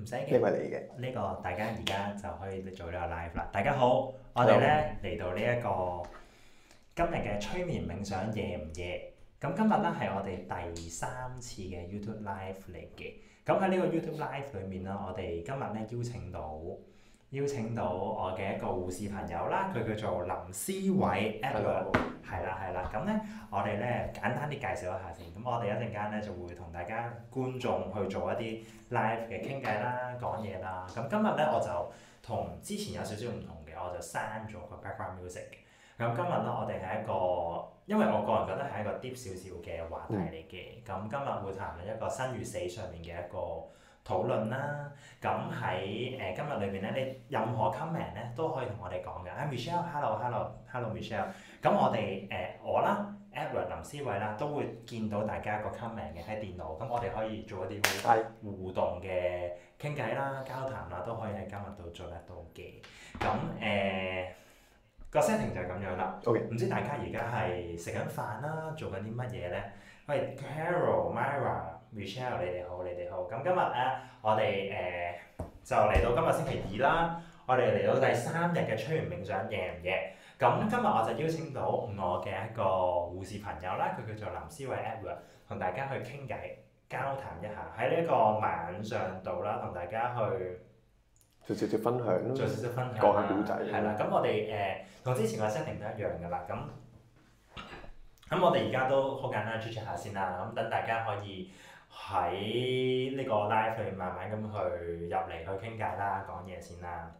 唔使嘅，呢你你個大家而家就可以做呢個 live 啦。大家好，我哋咧嚟到呢、呢、一個今日嘅催眠冥想夜唔夜？咁今日咧係我哋第三次嘅 YouTube live 嚟嘅。咁喺呢個 YouTube live 裏面啊，我哋今日咧邀請到。邀請到我嘅一個護士朋友啦，佢叫做林思偉，Edward，係啦係啦，咁咧我哋咧簡單啲介紹一下先，咁我哋一陣間咧就會同大家觀眾去做一啲 live 嘅傾偈啦、講嘢啦，咁今日咧我就同之前有少少唔同嘅，我就刪咗個 background music，咁今日咧我哋係一個，因為我個人覺得係一個 deep 少少嘅話題嚟嘅，咁今日會談緊一個生與死上面嘅一個。討論啦，咁喺誒今日裏邊咧，你任何 comment 咧都可以同我哋講嘅。啊 Michelle，hello hello hello Michelle，咁、嗯、我哋誒、呃、我啦，Edward ler, 林思偉啦都會見到大家個 comment 嘅喺電腦，咁我哋可以做一啲互，是互動嘅傾偈啦、交談啦，都可以喺今日度做得到嘅。咁誒個 setting 就係咁樣啦。OK，唔知大家而家係食緊飯啦，做緊啲乜嘢咧？喂，Carol，Myra。Michelle，你哋好，你哋好。咁今日咧，我哋誒、呃、就嚟到今日星期二啦，我哋嚟到第三日嘅催眠冥想夜唔夜。咁今日我就邀請到我嘅一個護士朋友啦，佢叫做林思偉 Edward，同大家去傾偈、交談一下，喺呢個晚上度啦，同大家去做少少分享，做少少分享啦，講下係啦，咁我哋誒同之前個 setting 都一樣㗎啦。咁咁我哋而家都好簡單，主持下先啦。咁等大家可以。喺呢個 live 裏面慢慢咁去入嚟去傾偈啦，講嘢先啦。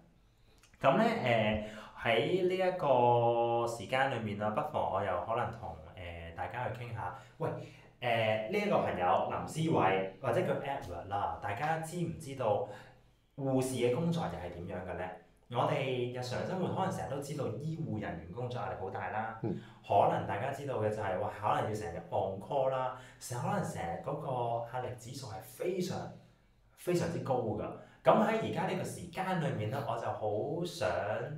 咁咧誒喺呢一、呃、個時間裏面啦，不妨我又可能同誒、呃、大家去傾下。喂誒呢一個朋友林思偉或者叫 Edward 啦，大家知唔知道護士嘅工作就係點樣嘅咧？我哋日常生活可能成日都知道醫護人員工作壓力好大啦，嗯、可能大家知道嘅就係、是、話可能要成日 on call 啦，成日可能成日嗰個壓力指數係非常非常之高㗎。咁喺而家呢個時間裏面咧，我就好想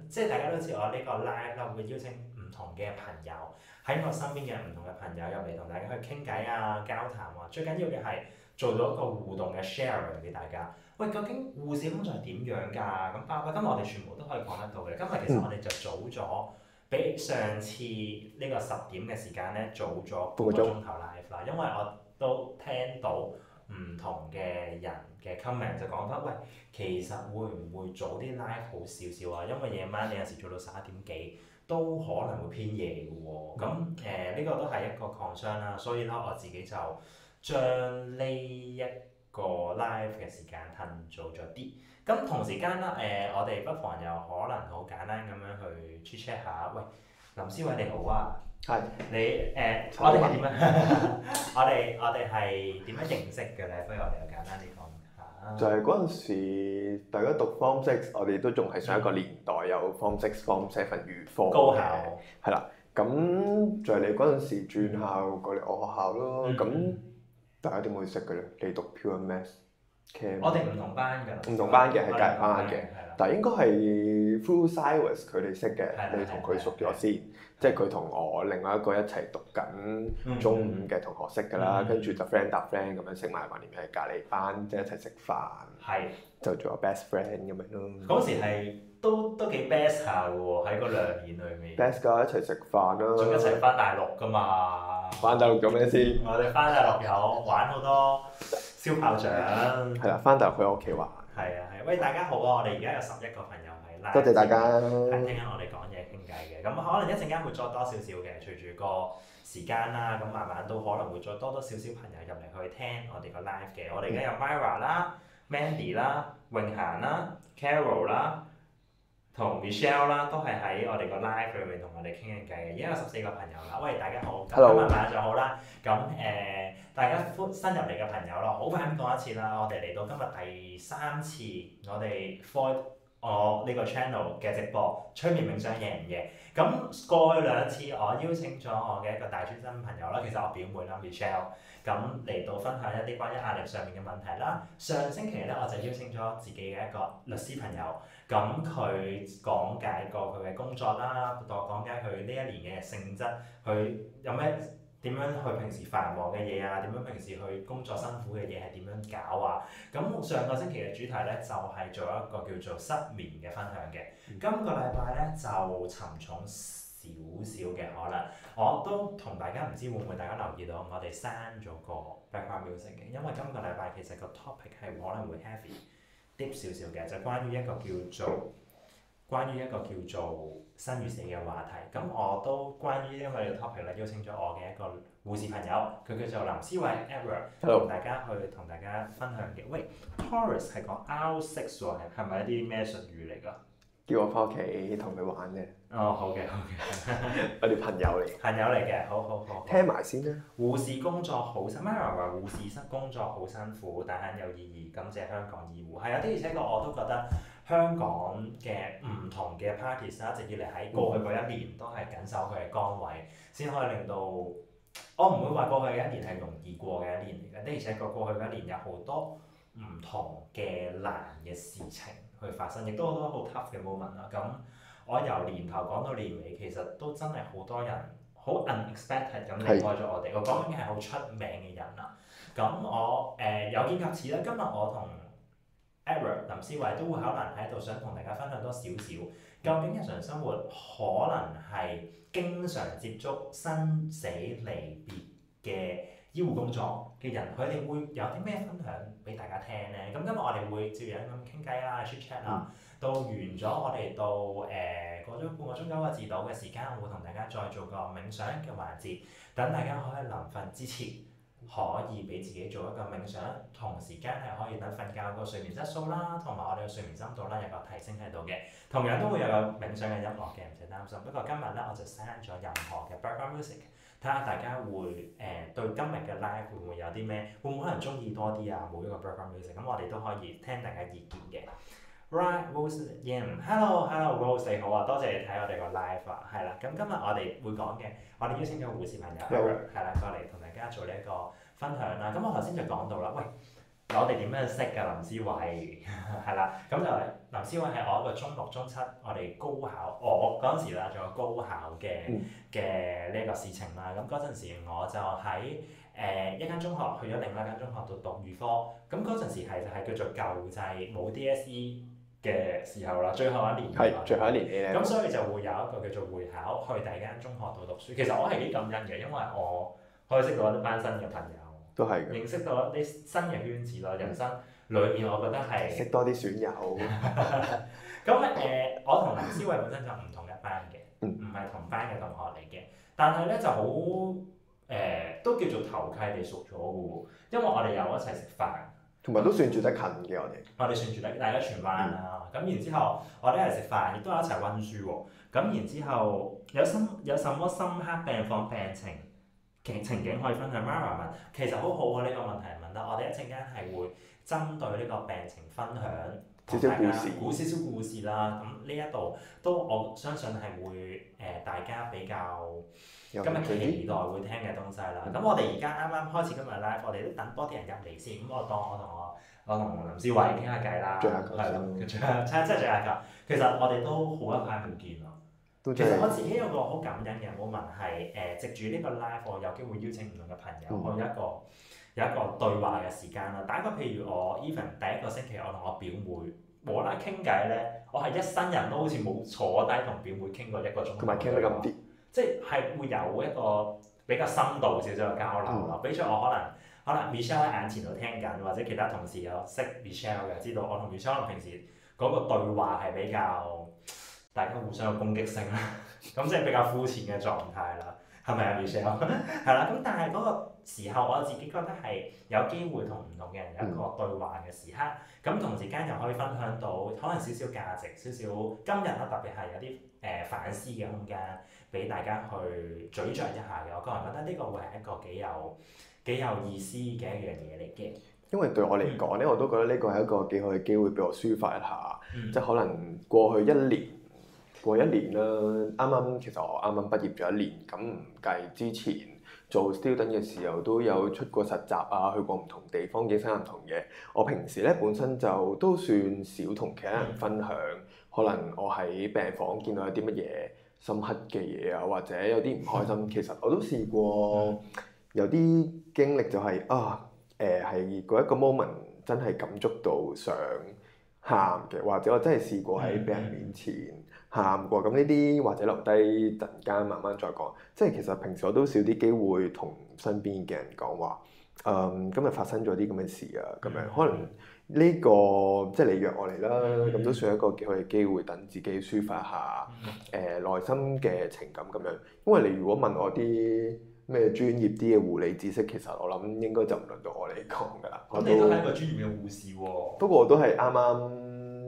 即係大家都知我呢個 live 咧，會邀請唔同嘅朋友喺我身邊嘅唔同嘅朋友入嚟同大家去傾偈啊、交談啊。最緊要嘅係做咗一個互動嘅 sharing 俾大家。喂，究竟護士工作係點樣㗎？咁包括今日我哋全部都可以講得到嘅。今日其實我哋就早咗比上次呢個十點嘅時間咧，早咗半個鐘頭 live 啦。因為我都聽到唔同嘅人嘅 comment 就講翻，喂，其實會唔會早啲 live 好少少啊？因為夜晚你有陣時做到十一點幾都可能會偏夜㗎喎。咁誒，呢、呃呢個都係一個 concern 啦。所以咧，我自己就將呢一個 live 嘅時間騰早咗啲，咁同時間啦，誒、呃，我哋不妨又可能好簡單咁樣去 check 下，喂，林思偉你好啊，係的，你誒，我哋係點樣？我哋我哋係點樣認識嘅咧？不如我哋又簡單啲講下，就係嗰陣時大家讀 form six，我哋都仲係上一個年代有 form six form seven 預科嘅，係啦校，咁就係你嗰陣時轉校過嚟我學校咯，咁、嗯。但大家一定會識嘅啦，你讀 pure math，我哋唔同班㗎，唔同班嘅係隔離班嘅，但係應該係 full silvers 佢哋識嘅，你同佢熟咗先，即係佢同我另外一個一齊讀緊中五嘅同學識㗎啦，跟住、嗯、就 friend 搭 friend 咁樣識埋，埋或者隔離班即係、就是、一齊食飯，的就做有 best friend 咁樣咯。嗰、嗯、時係。都都幾 best 下嘅喎，喺個良緣裏面。best 噶，一齊食飯啦！仲一齊翻大陸噶嘛？翻大陸做咩先？我哋翻大陸有玩好多燒炮仗。係啦， 翻大陸去我屋企玩。係啊係，喂大家好啊！我哋而家有十一個朋友喺 live。多謝，謝大家聽下我哋講嘢傾偈嘅。咁可能一陣間會再多，多少少嘅，隨住個時間啦，咁慢慢都可能會再多多少少朋友入嚟去聽我哋個 live 嘅。我哋而家有 Mira 啦、Mandy 啦、永賢啦、Carol 啦。啦啦啦啦啦啦同 Michelle 啦，Mich elle, 都係喺我哋個 live 裏面同我哋傾緊偈嘅，而家有十四個朋友啦。喂，大家好，今日晚上就好啦。咁、呃、誒，大家新入嚟嘅朋友咯，好快咁講一次啦。我哋嚟到今日第三次，我哋我呢個 channel 嘅直播催眠冥想夜唔夜？咁過去兩次我邀請咗我嘅一個大專生朋友啦，其實我表妹啦，Michelle，咁嚟到分享一啲關於壓力上面嘅問題啦。上星期咧，我就邀請咗自己嘅一個律師朋友，咁佢講解過佢嘅工作啦，同我講解佢呢一年嘅性質，佢有咩？點樣去平時繁忙嘅嘢啊？點樣平時去工作辛苦嘅嘢係點樣搞啊？咁上個星期嘅主題咧就係、是、做一個叫做失眠嘅分享嘅。嗯、今個禮拜咧就沉重少少嘅可能，我都同大家唔知會唔會大家留意到，我哋刪咗個 background music 嘅，因為今個禮拜其實個 topic 係可能會 heavy 啲少少嘅，就關於一個叫做。關於一個叫做生與死嘅話題，咁我都關於因為呢個 topic 咧邀請咗我嘅一個護士朋友，佢叫做林思偉 Edward，同大家去同大家分享嘅。喂 Taurus 係講 out sex 喎，係咪一啲咩術語嚟噶？叫我翻屋企同佢玩嘅。哦，好嘅，好嘅，我哋朋友嚟。朋友嚟嘅，好好好，好。聽埋先啦。護士工作好辛，Edward 話護士室工作好辛苦，但係有意義。感謝香港醫護，係啊，的，而且確我都覺得。香港嘅唔同嘅 parties 一直以嚟喺過去嗰一年都係緊守佢嘅崗位，先可以令到我唔會話過去嘅一年係容易過嘅一年嚟嘅，的而且確過去嗰一年有好多唔同嘅難嘅事情去發生，亦都好多好 tough 嘅 moment 啦。咁我由年頭講到年尾，其實都真係好多人好 unexpected 咁離開咗我哋。是我講緊係好出名嘅人啦。咁我誒、呃、有見及此啦，今日我同。Edward 林思偉都會可能喺度，想同大家分享多少少。究竟日常生活可能係經常接觸生死離別嘅醫護工作嘅人，佢哋、嗯、會有啲咩分享俾大家聽咧？咁今日我哋會照樣咁傾偈啦，c h a t chat 啊。嗯、到完咗，我哋到誒過咗半個鐘九個字到嘅時間，我會同大家再做個冥想嘅環節，等大家可以臨瞓之前。可以俾自己做一個冥想，同時間係可以等瞓覺個睡眠質素啦，同埋我哋嘅睡眠深度啦有個提升喺度嘅，同樣都會有個冥想嘅音樂嘅，唔使擔心。不過今日咧我就刪咗任何嘅 background music，睇下大家會誒、呃、對今日嘅 live 會唔會有啲咩，會唔會可能中意多啲啊？每一個 background music，咁我哋都可以聽大家意見嘅。Right, Walson、yeah. hello, hello, Walson 好啊，多謝你睇我哋個 live 啊，係啦，咁今日我哋會講嘅，我哋邀請咗護士朋友係啦過嚟同。Hello. 啊大家做呢一個分享啦，咁我頭先就講到啦，喂，我哋點樣識噶林思偉係啦，咁 就林思偉係我一個中六、中七，我哋高考，我嗰陣時啦，仲有高考嘅嘅呢一個事情啦，咁嗰陣時我就喺誒、呃、一間中學去咗另一間中學度讀預科，咁嗰陣時係就係、是、叫做舊制冇 DSE 嘅時候啦，最後一年係最後一年嘅。咁所以就會有一個叫做會考去第二間中學度讀書。其實我係幾感恩嘅，因為我。可以識到一班新嘅朋友，都係嘅。認識到一啲新嘅圈子咯。人生裏面，我覺得係識多啲損友。咁誒，呃嗯、我同林思偉本身就唔同一班嘅，唔係同班嘅同學嚟嘅。但係咧就是、好誒，都叫做投契地熟咗嘅喎。因為我哋有一齊食飯，同埋都算住得近嘅。我哋我哋算住大家全班啊。咁然之後，我哋一齊食飯，亦都有一齊溫書喎。咁然之後有深有什麼深刻病況病情？其情景可以分享媽媽。Marvin 其實好好啊，呢個問題問得，我哋一陣間係會針對呢個病情分享，同大家講少少故事啦。咁呢一度都我相信係會誒大家比較今日期待會聽嘅東西啦。咁我哋而家啱啱開始今日 live 我哋都等多啲人入嚟先。咁我當我同我我同林思偉傾下偈啦，係啦、嗯，最即係最後一個其實我哋都好一排唔見咯。嗯其實我自己有個好感恩嘅，moment 係誒藉住呢個 live，我有機會邀請唔同嘅朋友、嗯，去一個有一個對話嘅時間啦。打個譬如我，我 even 第一個星期，我同我表妹無啦傾偈咧，我係一生人都好似冇坐低同表妹傾過一個鐘。同埋傾得咁啲，即係會有一個比較深度少少嘅交流啦。嗯、比如我可能可能 Michelle 眼前度聽緊，或者其他同事有識 Michelle 嘅，知道我同 Michelle 可能平時嗰個對話係比較。大家互相有攻擊性啦，咁 即係比較膚淺嘅狀態啦，係咪啊 Michelle？係 啦，咁但係嗰個時候我自己覺得係有機會同唔同嘅人有一個對話嘅時刻，咁、嗯、同時間又可以分享到可能少少價值、少少今日啦，特別係有啲誒、呃、反思嘅空間俾大家去咀嚼一下嘅，我個人覺得呢個會係一個幾有幾有意思嘅一樣嘢嚟嘅。因為對我嚟講咧，嗯、我都覺得呢個係一個幾好嘅機會俾我抒發一下，嗯、即係可能過去一年、嗯。過一年啦，啱啱其實我啱啱畢業咗一年，咁唔計之前做 student 嘅時候都有出過實習啊，去過唔同地方，見識下唔同嘢。我平時咧，本身就都算少同其他人分享，可能我喺病房見到有啲乜嘢深刻嘅嘢啊，或者有啲唔開心，其實我都試過有啲經歷、就係，就係啊，誒係嗰一個 moment 真係感觸到想喊嘅，或者我真係試過喺病人面前喊過咁呢啲，或者留低，陣間慢慢再講。即係其實平時我都少啲機會同身邊嘅人講話。誒、嗯，今日發生咗啲咁嘅事啊，咁樣可能呢、這個即係你約我嚟啦，咁都、嗯、算一個幾好嘅機會，等自己抒發下誒、嗯呃、內心嘅情感咁樣。因為你如果問我啲咩專業啲嘅護理知識，其實我諗應該就唔輪到我嚟講㗎啦。嗯、你都係一個專業嘅護士喎、啊。不過我都係啱啱。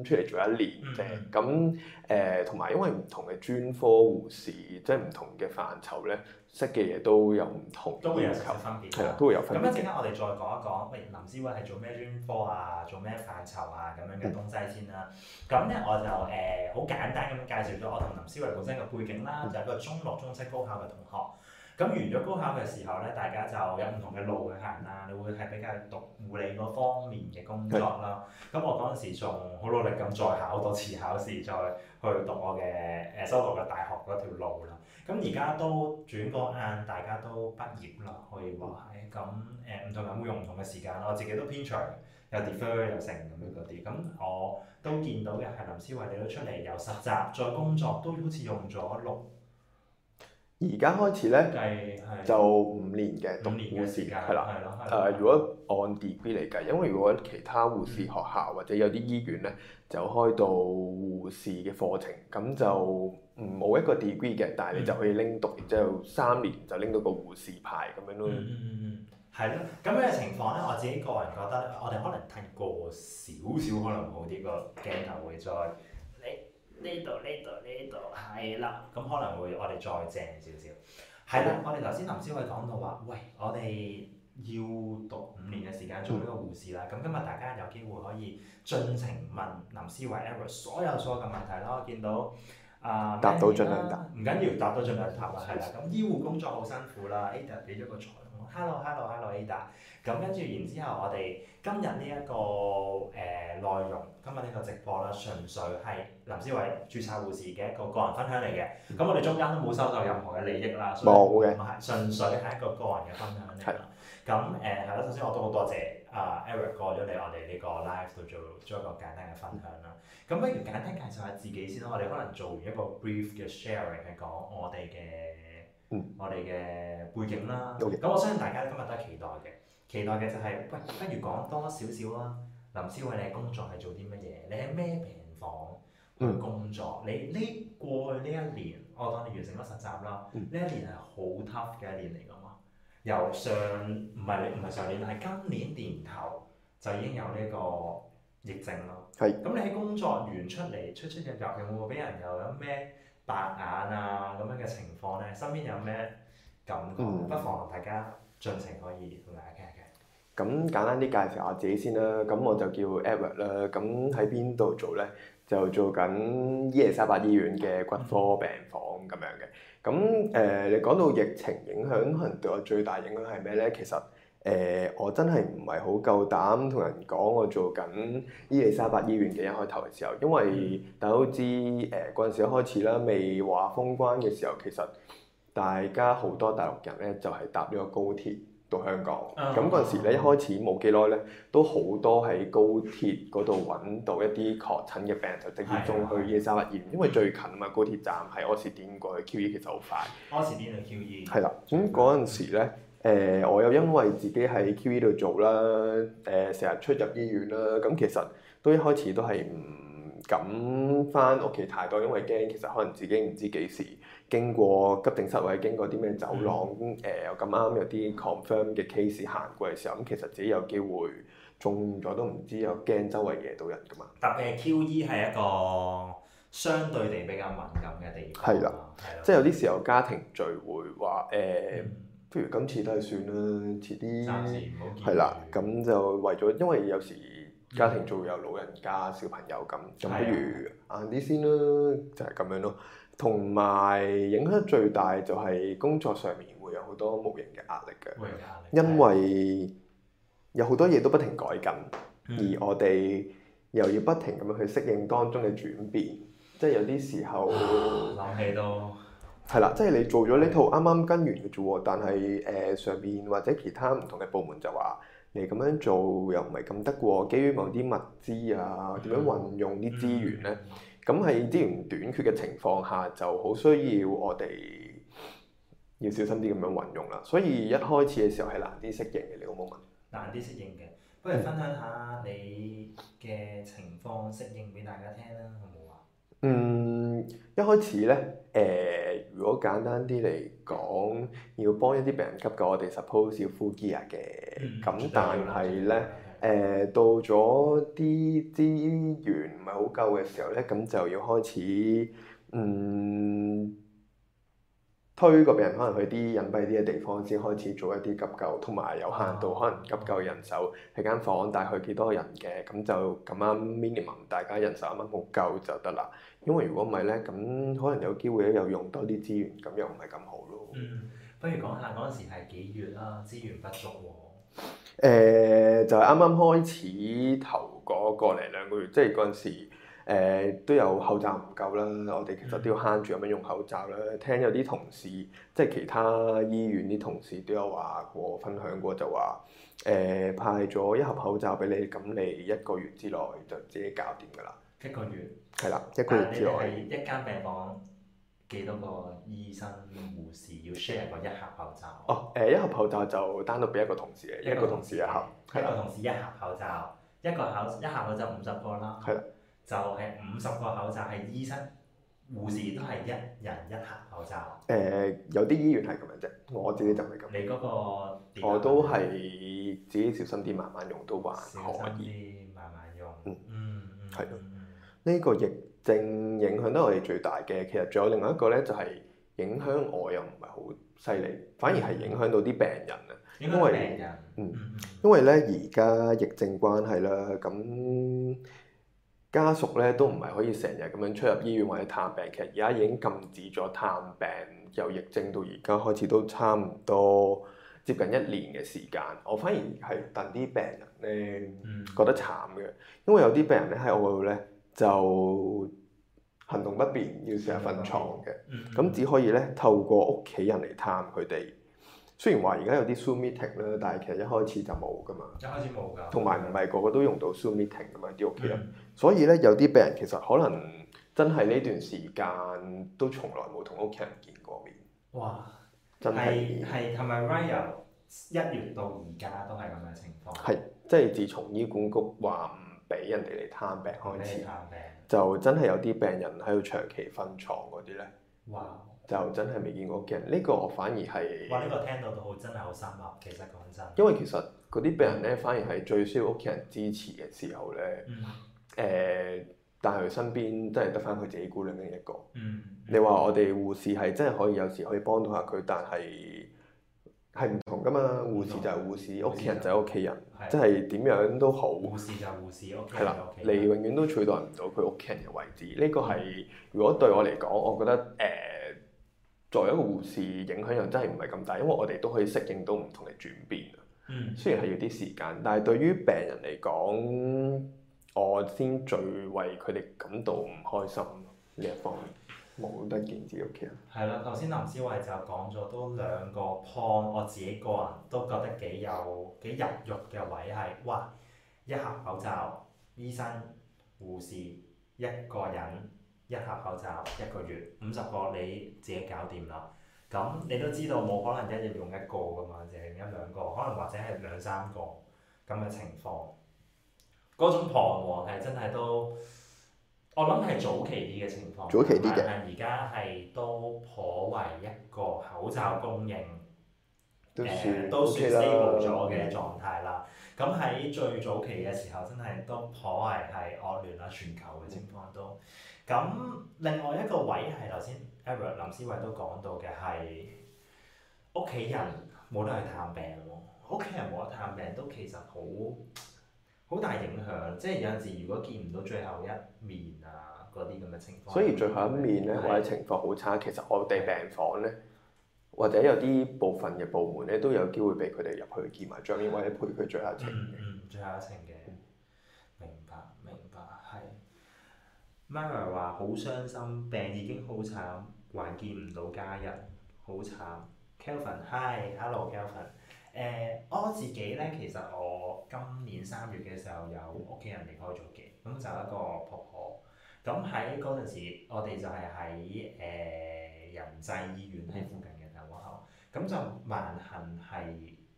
出嚟做一年啫，咁誒同埋因為唔同嘅專科護士，即係唔同嘅範疇咧，識嘅嘢都有唔同，都會有少少分別，都會有分別。咁、嗯、一陣間我哋再講一講，喂，林思偉係做咩專科啊？做咩範疇啊？咁樣嘅東西先啦、啊。咁咧、嗯、我就誒好簡單咁介紹咗我同林思偉本身嘅背景啦，就係、是、一個中六、中七高考嘅同學。咁完咗高考嘅時候咧，大家就有唔同嘅路去行啦。你會係比較讀護理嗰方面嘅工作啦。咁、嗯、我嗰陣時仲好努力咁再考多次考試，再去讀我嘅誒修讀嘅大學嗰條路啦。咁而家都轉過眼，大家都畢業啦，可以話係。咁誒唔同人會用唔同嘅時間咯，我自己都編長，又 defer 又成咁樣嗰啲。咁我都見到嘅係林思偉，你都出嚟又實習再工作，都好似用咗六。而家開始咧的就五年嘅讀護士，係啦，誒如果按 degree 嚟計，因為如果其他護士學校或者有啲醫院咧就開到護士嘅課程，咁、嗯、就冇一個 degree 嘅，但係你就可以拎讀，然之後三年就拎到個護士牌咁樣咯。嗯嗯嗯，係、嗯、咯，咁樣嘅情況咧，我自己個人覺得，我哋可能睇過少少，可能好啲、這個鏡頭會再。呢度，呢度，呢度係啦，咁可能會我哋再正少少。係啦的，我哋頭先林思偉講到話，喂，我哋要讀五年嘅時間做呢個護士啦。咁、嗯、今日大家有機會可以盡情問林思偉，所有所有嘅問題我見到、呃、到啊，答到盡量答，唔緊要，答到盡量答啦。係啦，咁醫護工作好辛苦啦。Ada 俾咗個彩，Hello Hello Hello Ada。咁跟住，然之後我哋今日呢一個誒內容，今日呢個直播啦，純粹係林思偉註冊護士嘅一個個人分享嚟嘅。咁、嗯、我哋中間都冇收到任何嘅利益啦，冇嘅，係純粹係一個個人嘅分享嚟。咁誒係啦，首先我都好多謝啊 Eric 過咗嚟，我哋呢個 live 度做做一個簡單嘅分享啦。咁、嗯、不如簡單介紹下自己先啦。我哋可能做完一個 brief 嘅 sharing 係講我哋嘅、嗯、我哋嘅背景啦。咁、嗯、我相信大家今日都係期待嘅。期待嘅就係、是，喂，不如講多少少啦。林思偉，你工作係做啲乜嘢？你喺咩病房去、嗯、工作？你呢過去呢一年，我當你完成咗實習啦。呢、嗯、一年係好 tough 嘅一年嚟㗎嘛。由上唔係唔係上年，係今年年頭就已經有呢個疫症咯。係是。咁你喺工作完出嚟出出入入，有冇會俾人又有咩白眼啊咁樣嘅情況咧？身邊有咩感覺？嗯、不妨大家盡情可以同大家傾。是咁簡單啲介紹下自己先啦，咁我就叫 Edward 啦，咁喺邊度做咧？就做緊伊利沙伯醫院嘅骨科病房咁樣嘅。咁誒、呃，你講到疫情影響，可能對我最大影響係咩咧？其實誒、呃，我真係唔係好夠膽同人講我做緊伊利沙伯醫院嘅一開頭嘅時候，因為大家都知誒嗰陣時一開始啦，未話封關嘅時候，其實大家好多大陸人咧就係、是、搭呢個高鐵。到香港，咁嗰陣時咧，嗯、一開始冇幾耐咧，都好多喺高鐵嗰度揾到一啲確診嘅病人，就直接送去伊利沙伯醫院，嗯、因為最近啊嘛，高鐵站係柯士甸過去，Q E 其實好快。柯士甸去 Q E。係啦，咁嗰陣時咧，誒、呃、我又因為自己喺 Q E 度做啦，誒成日出入醫院啦，咁其實都一開始都係唔敢翻屋企太多，因為驚其實可能自己唔知幾時。經過急症室位，經過啲咩走廊，誒咁啱有啲 confirm 嘅 case 行過嘅時候，咁其實自己有機會中咗都唔知，又驚周圍惹到人噶嘛。特別係 QE 係一個相對地比較敏感嘅地方啊，係啦、啊，即係有啲時候家庭聚會話誒，不、呃、如今次都係算啦，遲啲。暫時唔好見。係啦，咁、啊、就為咗，因為有時家庭聚會有老人家、小朋友咁，咁不如晏啲先啦，就係、是、咁樣咯。同埋影響最大就係工作上面會有好多無形嘅壓力嘅，力因為有好多嘢都不停改緊，嗯、而我哋又要不停咁樣去適應當中嘅轉變，即係有啲時候諗起都係啦，的即係你做咗呢套啱啱跟完嘅啫喎，的但係誒上邊或者其他唔同嘅部門就話你咁樣做又唔係咁得㗎喎，基於某啲物資啊點、嗯、樣運用啲資源咧？嗯咁喺資源短缺嘅情況下，就好需要我哋要小心啲咁樣運用啦。所以一開始嘅時候係難啲適應嘅，你有冇啊？難啲適應嘅，不如分享下你嘅情況適應俾大家聽啦，好唔好啊？嗯，一開始咧，誒、呃，如果簡單啲嚟講，要幫一啲病人急救，我哋 suppose 要 full gear 嘅，咁、嗯、但係咧。誒到咗啲資源唔係好夠嘅時候咧，咁就要開始嗯推個病人，可能去啲隱蔽啲嘅地方先開始做一啲急救，同埋有，有限度可能急救嘅人手喺間房大概幾多人嘅，咁、啊、就咁啱 minimum 大家人手啱啱好夠就得啦。因為如果唔係咧，咁可能有機會咧又用多啲資源，咁又唔係咁好咯。嗯、不如講下嗰陣時係幾月啦？資源不足喎。誒、呃、就係啱啱開始頭嗰個零兩個月，即係嗰陣時、呃，都有口罩唔夠啦。我哋其實都要慳住咁樣用口罩啦。聽有啲同事，即係其他醫院啲同事都有話過、分享過就，就話誒派咗一盒口罩俾你，咁你一個月之內就自己搞掂㗎啦。一個月。係啦，一個月之內。一間病房。幾多個醫生護士要 share 一個一盒口罩？哦，誒一盒口罩就單獨俾一個同事嘅，一個同事一盒，一個同事一盒口罩，一個口一盒口罩五十個啦，就係五十個口罩係醫生、護士都係一人一盒口罩。誒，有啲醫院係咁樣啫，我自己就唔係咁。你嗰個我都係自己小心啲，慢慢用都還可以。慢慢用。嗯嗯嗯，係咯，呢個亦。症影響得我哋最大嘅，其實仲有另外一個咧，就係影響我又唔係好犀利，反而係影響到啲病人啊。影響病人，嗯，因為咧而家疫症關係啦，咁家屬咧都唔係可以成日咁樣出入醫院或者探病。其實而家已經禁止咗探病，由疫症到而家開始都差唔多接近一年嘅時間。我反而係戥啲病人咧覺得慘嘅，因為有啲病人咧喺我度咧，就行動不便，要成日瞓床嘅，咁、嗯嗯、只可以咧透過屋企人嚟探佢哋。雖然話而家有啲 Zoom meeting 咧，但係其實一開始就冇噶嘛。一開始冇㗎。同埋唔係個個都用到 Zoom meeting 㗎嘛，啲屋企人，嗯、所以咧有啲病人其實可能真係呢段時間都從來冇同屋企人見過面。哇！真係、係係係咪由一月到而家都係咁嘅情況？係，即係自從醫管局話。俾人哋嚟探病開始，探就真係有啲病人喺度長期瞓床嗰啲咧，哇就真係未見過屋企人。呢個我反而係，呢個聽到都好真係好心塞。其實講真，因為其實嗰啲病人咧，反而係最需要屋企人支持嘅時候咧、嗯呃嗯。嗯。但係佢身邊真係得返佢自己孤零嘅一個。你話我哋護士係真係可以有時可以幫到下佢，但係係。咁啊，護士就係護士，屋企人就係屋企人，的即係點樣都好。護士就係護士，屋企人就係屋企人。係啦，你永遠都取代唔到佢屋企人嘅位置。呢個係如果對我嚟講，我覺得誒、呃、作為一個護士，影響又真係唔係咁大，因為我哋都可以適應到唔同嘅轉變。嗯。雖然係要啲時間，但係對於病人嚟講，我先最為佢哋感到唔開心呢一方面。冇得見自己屋企嘅。係啦，頭先林思偉就講咗都兩個 point，我自己個人都覺得幾有幾入肉嘅位係，哇！一盒口罩，醫生、護士一個人一盒口罩一個月五十個，你自己搞掂啦。咁你都知道冇可能一日用一個噶嘛，淨係用一兩個，可能或者係兩三個咁嘅情況。嗰種彷徨係真係都～我諗係早期啲嘅情況，但係而家係都頗為一個口罩供應誒都算 stable 咗嘅狀態啦。咁喺、嗯、最早期嘅時候，真係都頗為係惡劣啊，全球嘅情況都。咁、嗯、另外一個位係頭先 Eric 林思偉都講到嘅係屋企人冇得去探病喎，屋企人冇得探病都其實好。好大影響，即係有陣時如果見唔到最後一面啊，嗰啲咁嘅情況，所以最後一面咧的或者情況好差，其實我哋病房咧的或者有啲部分嘅部門咧都有機會俾佢哋入去見埋張面的或者陪佢最後一程嘅，嗯嗯，最後一程嘅，明白明白，係。Mara 話好傷心，病已經好慘，還見唔到家人，好慘。Kelvin，Hi，Hello，Kelvin l l。誒、呃，我自己咧，其實我今年三月嘅時候有屋企人離開咗嘅，咁就一個婆婆。咁喺嗰陣時我，我哋就係喺誒仁濟醫院喺附近嘅大窩口，咁就萬幸係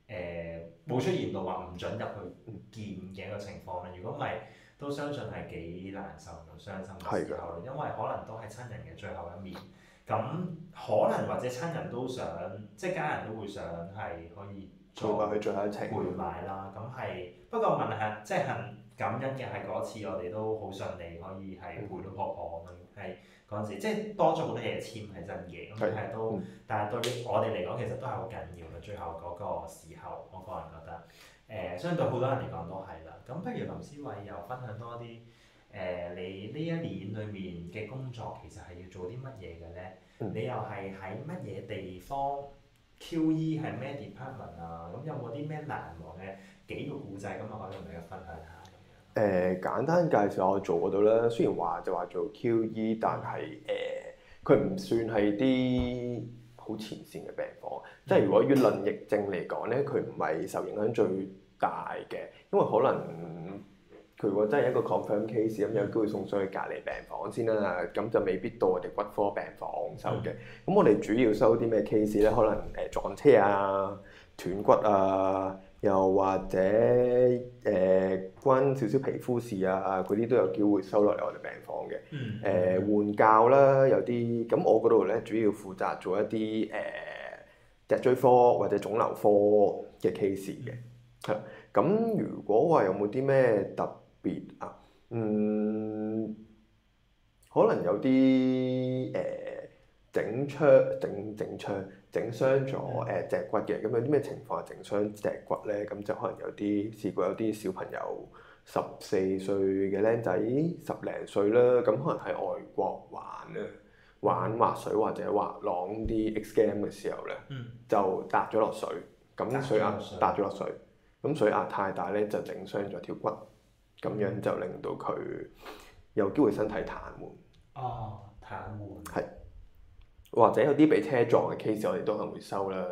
誒冇出現到話唔准入去見嘅一個情況啦。如果唔係，都相信係幾難受同傷心嘅時候，的因為可能都係親人嘅最後一面。咁可能或者親人都想，即係家人都會想係可以。做埋佢最後一程，陪埋啦。咁係不過問下，即係感恩嘅係嗰次，我哋都好順利可以係陪到婆婆。係嗰陣時，即係多咗好多嘢簽係真嘅。咁但係都，嗯、但係對於我哋嚟講，其實都係好緊要嘅。最後嗰個時候，我個人覺得，誒、呃、相對好多人嚟講都係啦。咁不如林思偉又分享多啲，誒、呃、你呢一年裡面嘅工作其實係要做啲乜嘢嘅咧？嗯、你又係喺乜嘢地方？QE 係咩 department 啊？咁、e、有冇啲咩難忘嘅幾個故仔，咁我可以同你分享下？誒、呃、簡單介紹下我做嗰度啦。雖然話就話做 QE，但係誒佢唔算係啲好前線嘅病房。即係、嗯、如果以論疫症嚟講咧，佢唔係受影響最大嘅，因為可能，嗯佢如果真係一個 confirm case，咁有機會送上去隔離病房先啦，咁就未必到我哋骨科病房收嘅。咁、嗯、我哋主要收啲咩 case 咧？可能誒撞車啊、斷骨啊，又或者誒、呃、關少少皮膚事啊，嗰啲都有機會收落嚟我哋病房嘅。誒、嗯呃、換教啦，有啲。咁我嗰度咧主要負責做一啲誒、呃、脊椎科或者腫瘤科嘅 case 嘅。嚇、嗯，咁、嗯、如果話有冇啲咩特別啊，嗯，可能有啲誒、呃、整親整整親整傷咗誒、呃、脊骨嘅，咁有啲咩情況整傷脊骨咧？咁就可能有啲事故，試過有啲小朋友十四歲嘅僆仔十零歲啦，咁可能喺外國玩咧，玩滑水或者滑浪啲 X game 嘅時候咧，嗯、就搭咗落水，咁水壓搭咗落水，咁、嗯、水，水壓太大咧，就整傷咗條骨。咁樣就令到佢有機會身體癱瘓。哦，癱瘓。係，或者有啲俾車撞嘅 case 我哋都可能會收啦，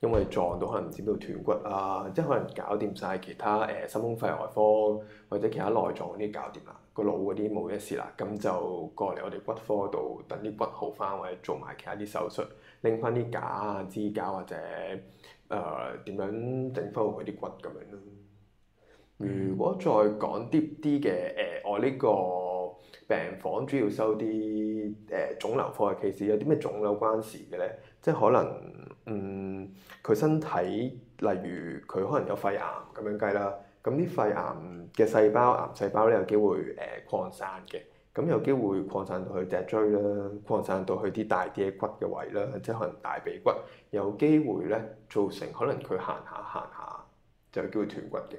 因為撞到可能唔知點樣斷骨啊，即係可能搞掂晒其他誒、呃、心胸肺外科或者其他內臟嗰啲搞掂啦，個腦嗰啲冇咩事啦，咁就過嚟我哋骨科度等啲骨好翻，或者做埋其他啲手術，拎翻啲架啊支架，架或者誒點、呃、樣整翻好佢啲骨咁樣咯。如果再講啲啲嘅，誒、呃，我呢個病房主要收啲誒、呃、腫瘤科嘅，其實有啲咩腫瘤關事嘅咧？即係可能，嗯，佢身體例如佢可能有肺癌咁樣計啦，咁啲肺癌嘅細胞、癌細胞咧有機會誒、呃、擴散嘅，咁有機會擴散到去脊椎啦，擴散到去啲大啲嘅骨嘅位啦，即係可能大髀骨有機會咧造成可能佢行下行下就有機會斷骨嘅。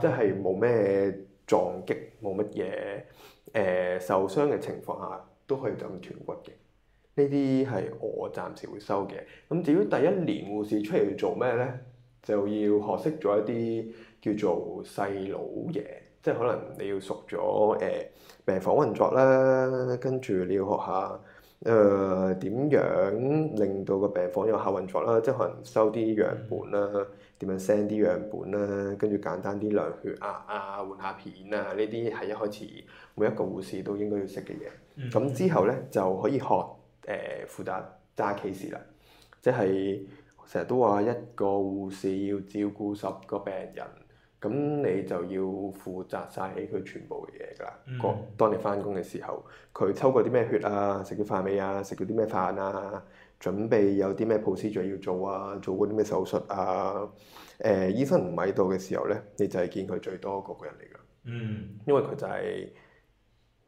即係冇咩撞擊，冇乜嘢誒受傷嘅情況下，都可以咁斷骨嘅。呢啲係我暫時會收嘅。咁至於第一年護士出嚟做咩咧，就要學識咗一啲叫做細佬嘢，即係可能你要熟咗誒、呃、病房運作啦，跟住你要學下誒點、呃、樣令到個病房有效運作啦，即係可能收啲樣本啦。點樣 send 啲樣本啦，跟住簡單啲量血壓啊，啊，換下片啊，呢啲係一開始每一個護士都應該要識嘅嘢。咁、嗯、之後咧，就可以學誒、呃、負責揸 case 啦。嗯、即係成日都話一個護士要照顧十個病人，咁你就要負責晒起佢全部嘅嘢㗎啦。嗯、當你返工嘅時候，佢抽過啲咩血啊？食咗飯未啊？食咗啲咩飯啊？準備有啲咩措施要做啊？做過啲咩手術啊？誒、呃，醫生唔喺度嘅時候咧，你就係見佢最多嗰個人嚟㗎。嗯，因為佢就係、是，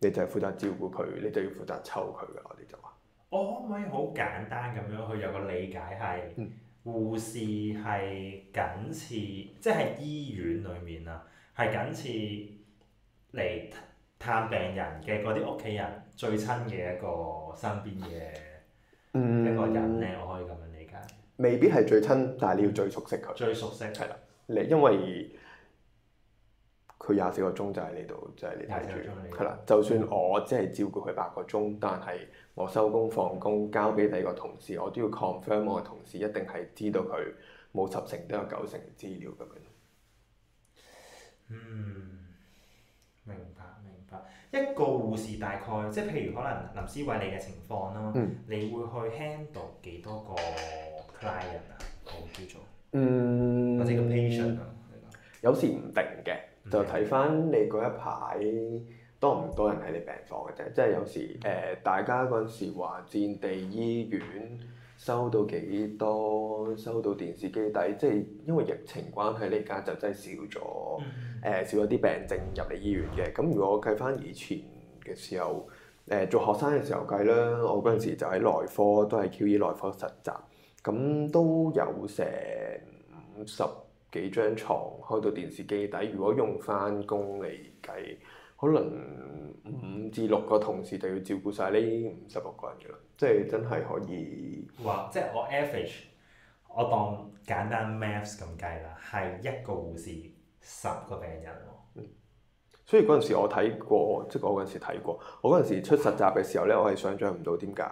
你就係負責照顧佢，你就要負責湊佢㗎。我哋就話，我可唔可以好簡單咁樣去有個理解係，嗯、護士係僅次，即係醫院裡面啊，係僅次嚟探病人嘅嗰啲屋企人最親嘅一個身邊嘅。嗯嗯、一個人咧，我可以咁樣理解，未必係最親，但係你要最熟悉佢。最熟悉係啦，你因為佢廿四個鐘就喺呢度，就係、是、你睇住。係啦，就算我只係照顧佢八個鐘，但係我收工放工交俾第二個同事，我都要 confirm 我同事一定係知道佢冇十成都有九成資料咁樣。嗯，明白。一個護士大概即係譬如可能林思偉你嘅情況啦，嗯、你會去 handle 幾多個 client 啊？好叫做。咗、嗯，或者個 patient 啊、嗯？吧有時唔定嘅，就睇翻你嗰一排多唔多人喺你病房嘅啫。嗯、即係有時誒、嗯呃，大家嗰陣時話戰地醫院。收到幾多收到電視機底，即係因為疫情關係，呢家就真係少咗，誒、mm hmm. 欸、少咗啲病症入嚟醫院嘅。咁如果計翻以前嘅時候，誒、欸、做學生嘅時候計啦，我嗰陣時就喺內科都係 QE 內科實習，咁都有成五十幾張床開到電視機底。如果用翻工嚟計。可能五至六個同事就要照顧晒呢五十六個人嘅啦，即係真係可以。哇！即係我 average，我當簡單 math 咁計啦，係一個護士十個病人喎。嗯，所以嗰陣時我睇過，即係我嗰陣時睇過，我嗰陣時出實習嘅時候咧，我係想像唔到點解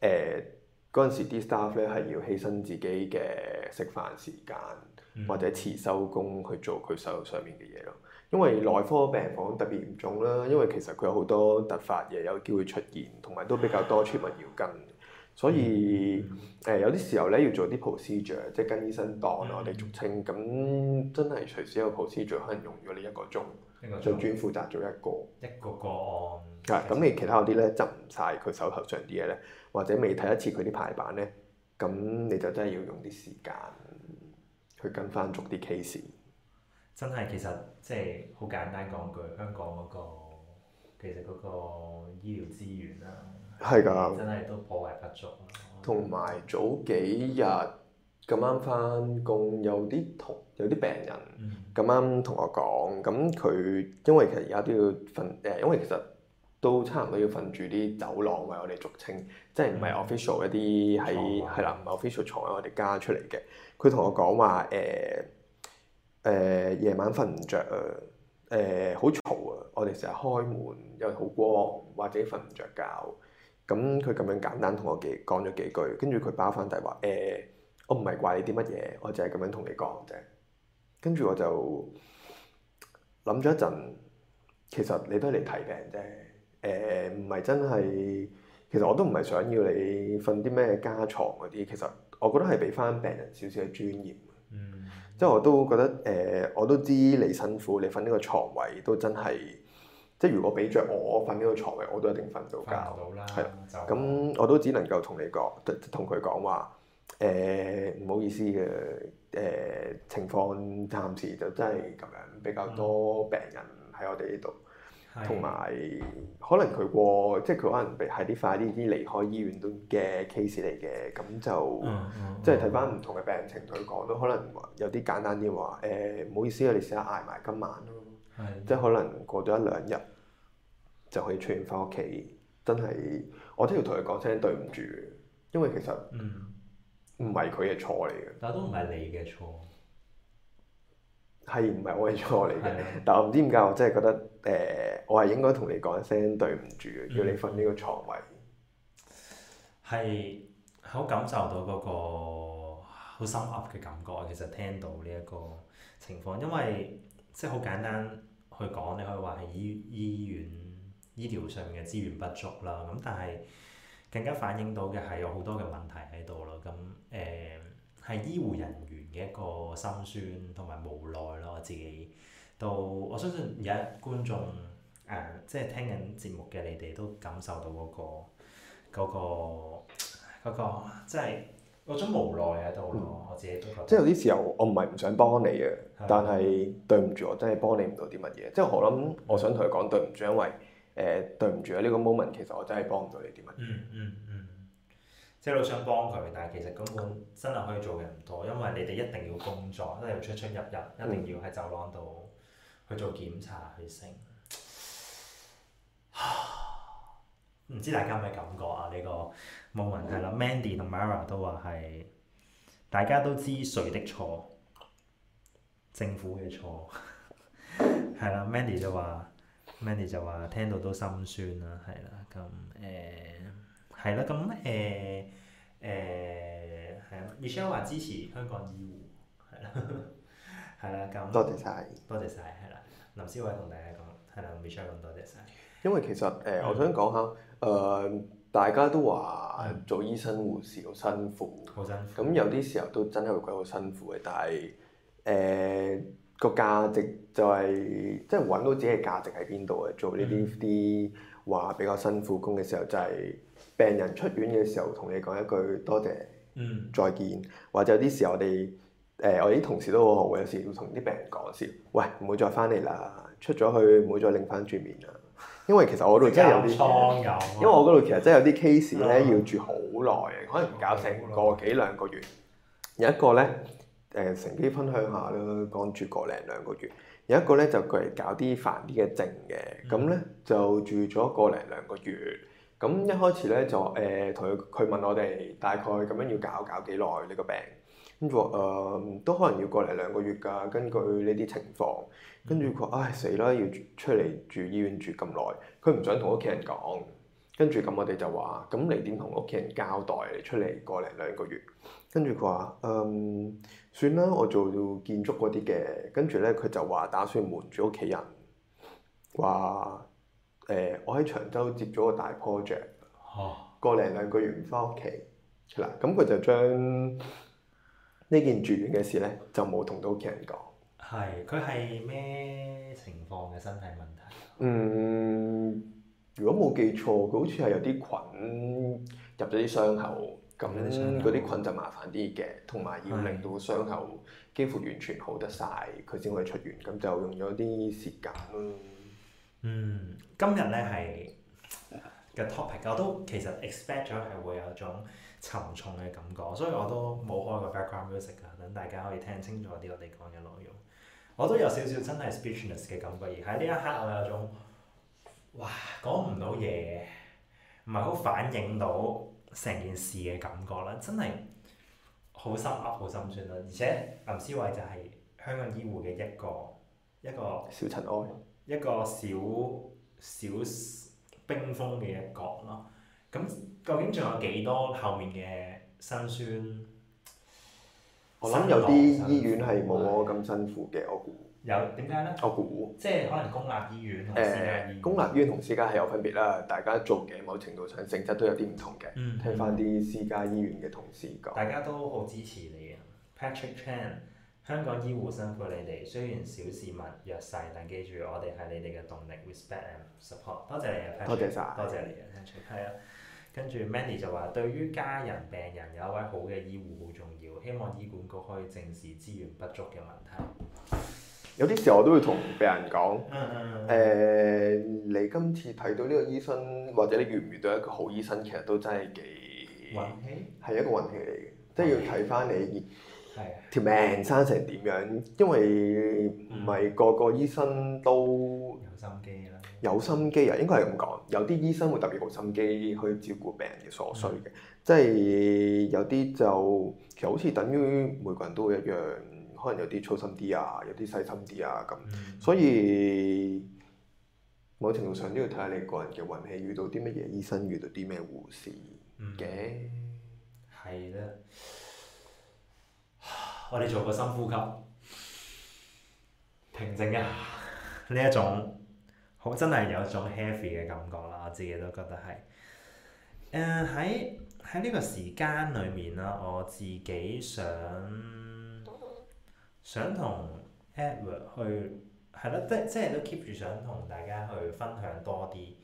誒嗰陣時啲 staff 咧係要犧牲自己嘅食飯時間或者遲收工去做佢手上面嘅嘢咯。因為內科病房特別嚴重啦，因為其實佢有好多突發嘢有機會出現，同埋都比較多出問要跟，所以誒、嗯呃、有啲時候咧要做啲 procedure 即係跟醫生檔，嗯、我哋俗稱。咁真係隨時有 procedure 可能用咗你一個鐘，個就專負責做一個一個個案。咁你 Yeah, 其他嗰啲咧執唔晒佢手頭上啲嘢咧，或者未睇一次佢啲牌板咧，咁你就真係要用啲時間去跟翻足啲 case。真係其實即係好簡單講句，香港嗰、那個其實嗰個醫療資源啦、啊，的真係都頗為不足。同埋早幾日咁啱返工，有啲同有啲病人咁啱同我講，咁佢、嗯、因為其實而家都要瞓誒，因為其實都差唔多要瞓住啲走廊，為我哋俗稱，即係唔係 official 一啲喺係啦，唔係 official 牀喺我哋加出嚟嘅。佢同我講話誒。呃誒夜、呃、晚瞓唔着啊！誒好嘈啊！我哋成日開門，因為好光，或者瞓唔着覺。咁佢咁樣簡單同我幾講咗幾句，跟住佢包翻大話誒，我唔係怪你啲乜嘢，我淨係咁樣同你講啫。跟住我就諗咗一陣，其實你都嚟睇病啫。誒唔係真係，其實我都唔係想要你瞓啲咩加床嗰啲。其實我覺得係畀翻病人少少嘅尊嚴。即係我都覺得誒、呃，我都知你辛苦，你瞓呢個床位都真係，即係如果俾着我瞓呢個床位，我都一定瞓唔到覺。瞓唔到啦，咁的、嗯、我都只能夠同你講，同佢講話誒，唔、呃、好意思嘅誒、呃，情況暫時就真係咁樣，比較多病人喺我哋呢度。同埋可能佢過，即係佢可能係啲快啲啲離開醫院都嘅 case 嚟嘅，咁就、嗯嗯、即係睇翻唔同嘅病情同佢講都可能有啲簡單啲話，誒、呃、唔好意思啊，你試下挨埋今晚咯，嗯、即係可能過咗一兩日就可以出院翻屋企。真係我都要同佢講聲對唔住，因為其實唔係佢嘅錯嚟嘅，但係都唔係你嘅錯。嗯的係唔係我嘅錯嚟嘅？嗯、但我唔知點解，我真係覺得誒、呃，我係應該同你講聲對唔住，叫你瞓呢個床位，係好、嗯、感受到嗰、那個好心噏嘅感覺。其實聽到呢一個情況，因為即係好簡單去講，你可以話係醫醫院醫療上面嘅資源不足啦。咁但係更加反映到嘅係有好多嘅問題喺度咯。咁誒、呃係醫護人員嘅一個心酸同埋無奈咯，自己到我相信而家觀眾誒，即係聽緊節目嘅你哋都感受到嗰個嗰個嗰個，即係嗰種無奈喺度咯。我自己都覺得、啊、即係有啲時候，我唔係唔想幫你嘅，的但係對唔住，我真係幫你唔到啲乜嘢。即係我諗，我想同佢講對唔住，因為誒、呃、對唔住啊，呢個 moment 其實我真係幫唔到你啲乜嘢。嗯。即係都想幫佢，但係其實根本真係可以做嘅唔多，因為你哋一定要工作，一定要出出入入，一定要喺走廊度去做檢查去盛。唔、嗯、知大家有咩感覺啊？呢、這個冇問題啦。嗯、Mandy 同 Mara 都話係，大家都知誰的錯，政府嘅錯係啦 了。 Mandy 就話，Mandy 就話聽到都心酸啦，係啦，咁誒。欸係啦，咁誒誒係啊、呃呃、Michelle 話支持香港醫護，係啦，係啦， 咁多謝晒。多謝晒，係啦，林思偉同大家講，係啦，Michelle 咁多謝晒。因為其實誒、呃，我想講下誒、呃，大家都話做醫生護士好辛苦，好、嗯、辛苦。咁有啲時候都真係會覺得好辛苦嘅，但係誒個價值就係即係揾到自己嘅價值喺邊度啊，做呢啲啲話比較辛苦工嘅時候就係、是。病人出院嘅時候同你講一句多謝，嗯，再見。或者有啲時候我哋，誒、呃，我啲同事都好學，有時要同啲病人講先。喂，唔好再翻嚟啦，出咗去唔好再擰翻轉面啦。因為其實我度真係有啲，有因為我嗰度其實真係有啲 case 咧要住好耐，可能搞成個幾兩個月。有一個咧誒、呃，乘機分享下啦，講住個零兩個月。有一個咧就佢係搞啲煩啲嘅症嘅，咁咧就住咗個零兩個月。咁一開始咧就誒同佢，佢問我哋大概咁樣要搞搞幾耐呢個病？跟住話、嗯、都可能要過嚟兩個月㗎，根據呢啲情況。跟住佢話：唉死啦，要出嚟住醫院住咁耐，佢唔想同屋企人講。跟住咁我哋就話：咁你點同屋企人交代你出嚟過嚟兩個月？跟住佢話：嗯算啦，我做建築嗰啲嘅。跟住咧佢就話打算瞞住屋企人，話。誒，我喺長洲接咗個大 project，個零兩個月唔翻屋企，嗱，咁佢就將呢件住院嘅事咧，就冇同到屋企人講。係，佢係咩情況嘅身體問題？嗯，如果冇記錯，佢好似係有啲菌入咗啲傷口，咁嗰啲菌就麻煩啲嘅，同埋要令到傷口幾乎完全好得晒，佢先可以出院。咁就用咗啲時間啦。嗯，今日咧係嘅 topic，我都其實 expect 咗係會有一種沉重嘅感覺，所以我都冇開個 background music 㗎，等大家可以聽清楚啲我哋講嘅內容。我都有少少真係 speechless 嘅感覺，而喺呢一刻我有種哇講唔到嘢，唔係好反映到成件事嘅感覺啦，真係好心噏好心酸啦。而且林思偉就係香港醫護嘅一個一個小塵埃。一個小小冰封嘅一角咯，咁究竟仲有幾多後面嘅辛酸？我諗有啲醫院係冇我咁辛苦嘅，我估。有點解咧？呢我估。即係可能公立醫院。誒，公立醫院同私家係有分別啦，大家做嘅某程度上性質都有啲唔同嘅。嗯。聽翻啲私家醫院嘅同事講。嗯嗯、大家都好支持你 Patrick Chan。香港醫護辛苦你哋，雖然小市民弱勢，但記住我哋係你哋嘅動力，respect and support。多謝你 p a t r 多謝你 p a 啊，跟住 Manny 就話：對於家人病人有一位好嘅醫護好重要，希望醫管局可以正視資源不足嘅問題。有啲時候我都會同病人講：誒、 呃，你今次睇到呢個醫生，或者你遇唔遇到一個好醫生，其實都真係幾，係氣一個運氣嚟嘅，即係要睇翻你。 條命生成點樣？因為唔係個個醫生都、嗯、有心機啦。有心機啊，應該係咁講。有啲醫生會特別好心機去照顧病人嘅所需嘅，嗯、即係有啲就其實好似等於每個人都會一樣，可能有啲粗心啲啊，有啲細心啲啊咁。嗯、所以某程度上都要睇下你個人嘅運氣，遇到啲乜嘢醫生，遇到啲咩護士嘅。係啦、嗯。嗯。我哋做個深呼吸，平靜一下。呢、啊、一種好真係有種 heavy 嘅感覺啦，我自己都覺得係誒，喺喺呢個時間裏面啦，我自己想想同 Edward 去係咯，即即係都 keep 住想同大家去分享多啲，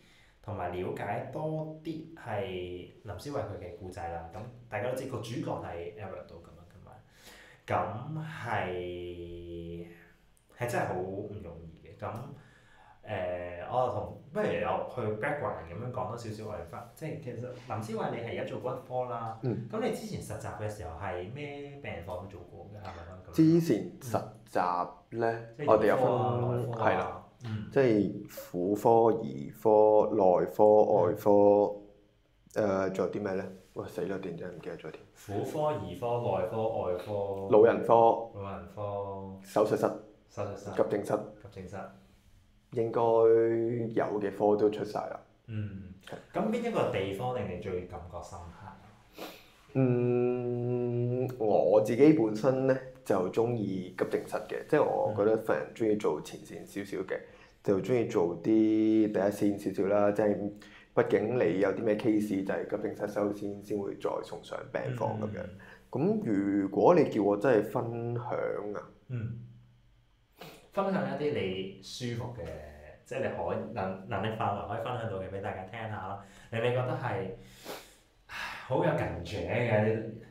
同埋了解多啲係林思偉佢嘅故仔啦。咁大家都知個主角係 Edward 到咁。咁係係真係好唔容易嘅，咁誒、呃，我又同不如有去 background 咁樣講多少少我哋科，即係其實林思偉你係而家做骨科啦，咁、嗯、你之前實習嘅時候係咩病房都做過嘅係咪之前實習咧？嗯、我哋有分係啦，即係婦科、啊、科、兒科、內科、外科，誒、嗯，仲、呃、有啲咩咧？哇！死啦！真係？唔記得咗點。婦科、兒科、內科、外科、外科。老人科。老人科。手術室。手術室。急症室。急症室。應該有嘅科都出晒啦。嗯。咁邊一個地方令你最感覺深刻？嗯，我自己本身咧就中意急症室嘅，嗯、即係我覺得份人中意做前線少少嘅，就中意做啲第一線少少啦，即係。畢竟你有啲咩 case 就係急症室收先，先會再送上病房咁樣。咁如果你叫我真係分享啊，嗯，分享一啲你舒服嘅，即係你可以能能力範圍可以分享到嘅，俾大家聽下啦。你覺得係好有感覺嘅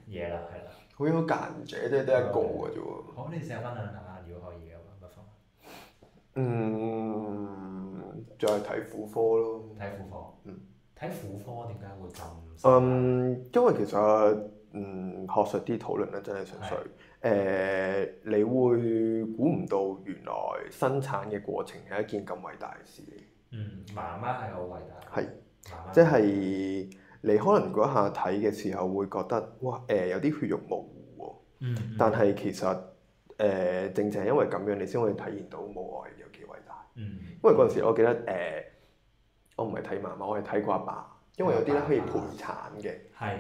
啲嘢啦，係啦。好有感覺都都一個嘅啫喎。好，你試下分享下，如果可以嘅話，不妨。嗯。再睇婦科咯。睇婦科。科，嗯，睇婦科點解會咁？嗯，因為其實，嗯，學術啲討論咧真係純粹，誒的、呃，你會估唔到原來生產嘅過程係一件咁偉大嘅事嚟。嗯，媽媽係好偉大。係的，媽媽的即係你可能嗰下睇嘅時候會覺得，哇、嗯！誒、呃，有啲血肉模糊喎。嗯。但係其實，誒、呃，正正係因為咁樣，你先可以體驗到母愛嘅。嗯，因為嗰陣時我記得，誒、呃，我唔係睇媽媽，我係睇過阿爸，爸，因為有啲咧可以陪產嘅，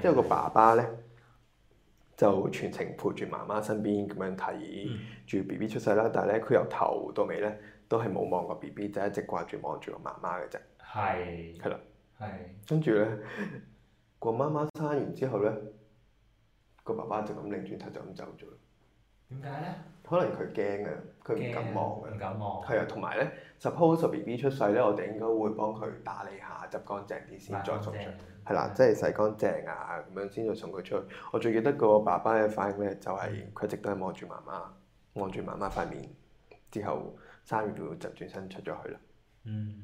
即係的個爸爸咧就全程陪住媽媽身邊咁樣睇住 B B 出世啦。但係咧佢由頭到尾咧都係冇望過 B B，就是、一直掛住望住個媽媽嘅啫。係的。係啦了。係的。跟住咧，個媽媽生完之後咧，個爸爸就咁拎轉頭就咁走咗。點解咧？呢可能佢驚啊，佢唔敢望唔敢望？係啊，同埋咧，support B B 出世咧，我哋應該會幫佢打理下，執乾淨啲先再送出去，係、嗯、啦，即係洗乾淨啊咁樣先再送佢出去。我最記得個爸爸嘅反應咧、就係，就係佢一直都係望住媽媽，望住媽媽塊面之後，生完就，就轉身出咗去啦。嗯，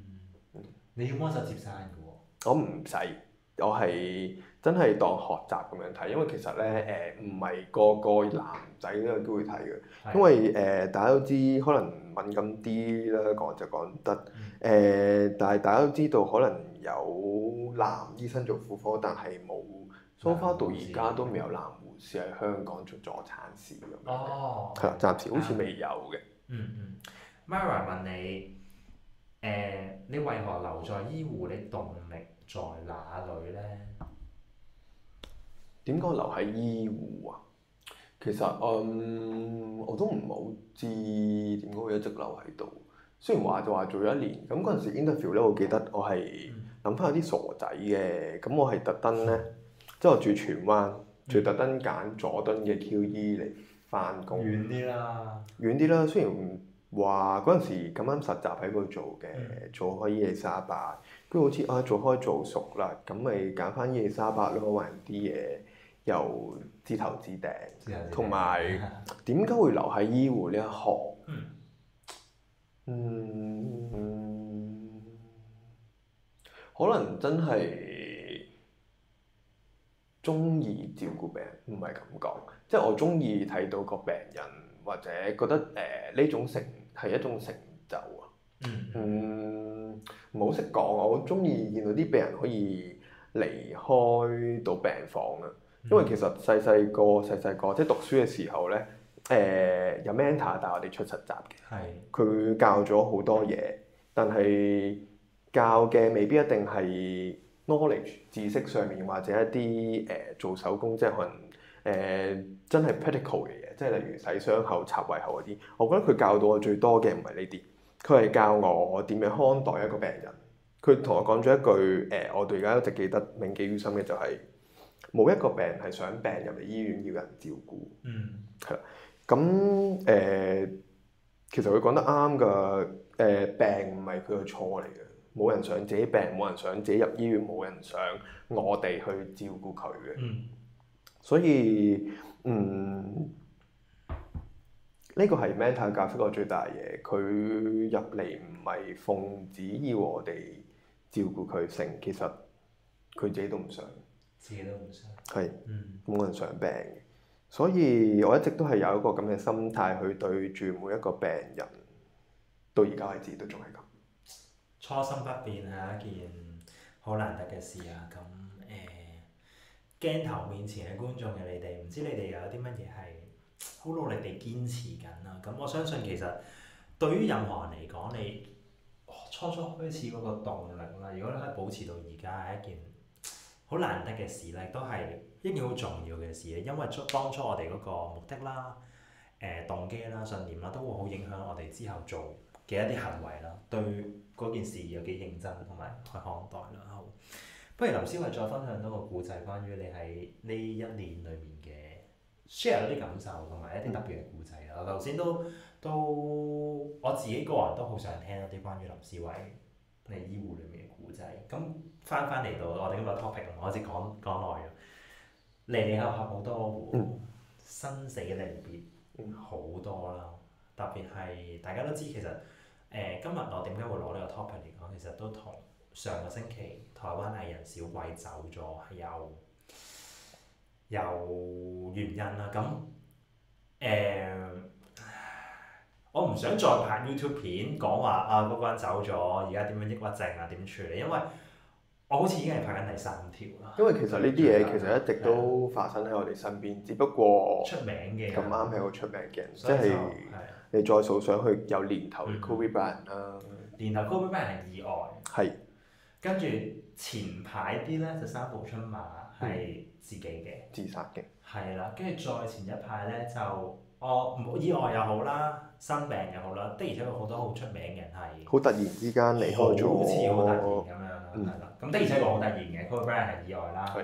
你要幫手接生嘅喎？我唔使，我係。真係當學習咁樣睇，因為其實咧，誒唔係個個男仔咧都會睇嘅，因為誒、呃、大家都知可能敏感啲啦，講就講得誒、呃，但係大家都知道可能有男醫生做婦科，但係冇，So far 到而家都未有男護士喺香港做助產士咁，係啦、哦，嗯、暫時好似未有嘅、嗯。嗯嗯，Mara 問你，誒、呃、你為何留在醫護？你動力在哪裏咧？點解留喺醫護啊？其實嗯，我都唔好知點解會一直留喺度。雖然話就話做咗一年，咁嗰陣時 interview 咧，我記得我係諗翻有啲傻仔嘅。咁我係特登咧，即係、嗯、我住荃灣，最特登揀佐敦嘅 QE 嚟翻工。遠啲啦。遠啲啦。雖然話嗰陣時咁啱實習喺嗰度做嘅，做開伊利沙伯，跟住好似啊做開做熟啦，咁咪揀翻伊利沙伯咯，穩啲嘅。由自頭至頂，同埋點解會留喺醫護呢一行、嗯嗯？可能真係中意照顧病人，唔係咁講，嗯、即係我中意睇到個病人，或者覺得誒呢、呃、種成係一種成就啊。嗯，唔好識講，我中意見到啲病人可以離開到病房啊。因為其實細細個、細細個，即係讀書嘅時候咧，誒、呃、有 mentor 帶我哋出實習嘅，佢教咗好多嘢，但係教嘅未必一定係 knowledge 知識上面，或者一啲誒、呃、做手工，即係可能誒、呃、真係 practical 嘅嘢，即係例如洗傷口、插胃口嗰啲。我覺得佢教到我最多嘅唔係呢啲，佢係教我點樣看待一個病人。佢同我講咗一句誒、呃，我到而家一直記得、銘記於心嘅就係、是。冇一個病人係想病入嚟醫院要人照顧，係啦。咁誒，其實佢講得啱噶。誒、呃，病唔係佢嘅錯嚟嘅，冇人想自己病，冇人想自己入醫院，冇人想我哋去照顧佢嘅。嗯、所以嗯，呢、這個係 mental health care 最大嘢。佢入嚟唔係奉旨要我哋照顧佢成，其實佢自己都唔想。自己都唔想，係，嗯，冇人想病，所以我一直都係有一個咁嘅心態去對住每一個病人，到而家我自己都仲係咁。初心不變係一件好難得嘅事啊！咁誒、欸，鏡頭面前嘅觀眾嘅你哋，唔知你哋有啲乜嘢係好努力地堅持緊啊？咁我相信其實對於任何人嚟講，你、哦、初初開始嗰個動力啦，如果你可以保持到而家係一件好難得嘅事咧，都係一件好重要嘅事，因為初當初我哋嗰個目的啦、誒、呃、動機啦、信念啦，都會好影響我哋之後做嘅一啲行為啦，對嗰件事有幾認真同埋去看待啦。好，不如林思偉再分享多個故仔，關於你喺呢一年裏面嘅 share 啲感受同埋一啲特別嘅故仔啦。頭先都都我自己個人都好想聽一啲關於林思偉，係醫護裏面嘅古仔，咁翻翻嚟到我哋今日 topic，我直講講耐嘅。嚟嚟去去好多，嗯、生死嘅離別好、嗯、多啦，特別係大家都知其實誒、呃、今日我點解會攞呢個 topic 嚟講，其實都同上個星期台灣藝人小鬼走咗係有有原因啦、啊，咁誒。呃我唔想再拍 YouTube 片講話啊嗰個人走咗，而家點樣抑鬱症啊點處理？因為我好似已經係拍緊第三條啦。因為其實呢啲嘢其實一直都發生喺我哋身邊，只不過咁啱係個出名嘅人，即係你再數上去有年頭嘅 Covid 病人啦。連頭 Covid 病人係意外。係。跟住前排啲咧就三部春馬係自己嘅。自殺嘅。係啦，跟住再前一排咧就。哦，意外又好啦，生病又好啦，的而且確好多好出名嘅人係好突然之間離開咗，好似好突然噉樣啦。嗯。咁的而且確好突然嘅，佢嘅 brand 係意外啦。咁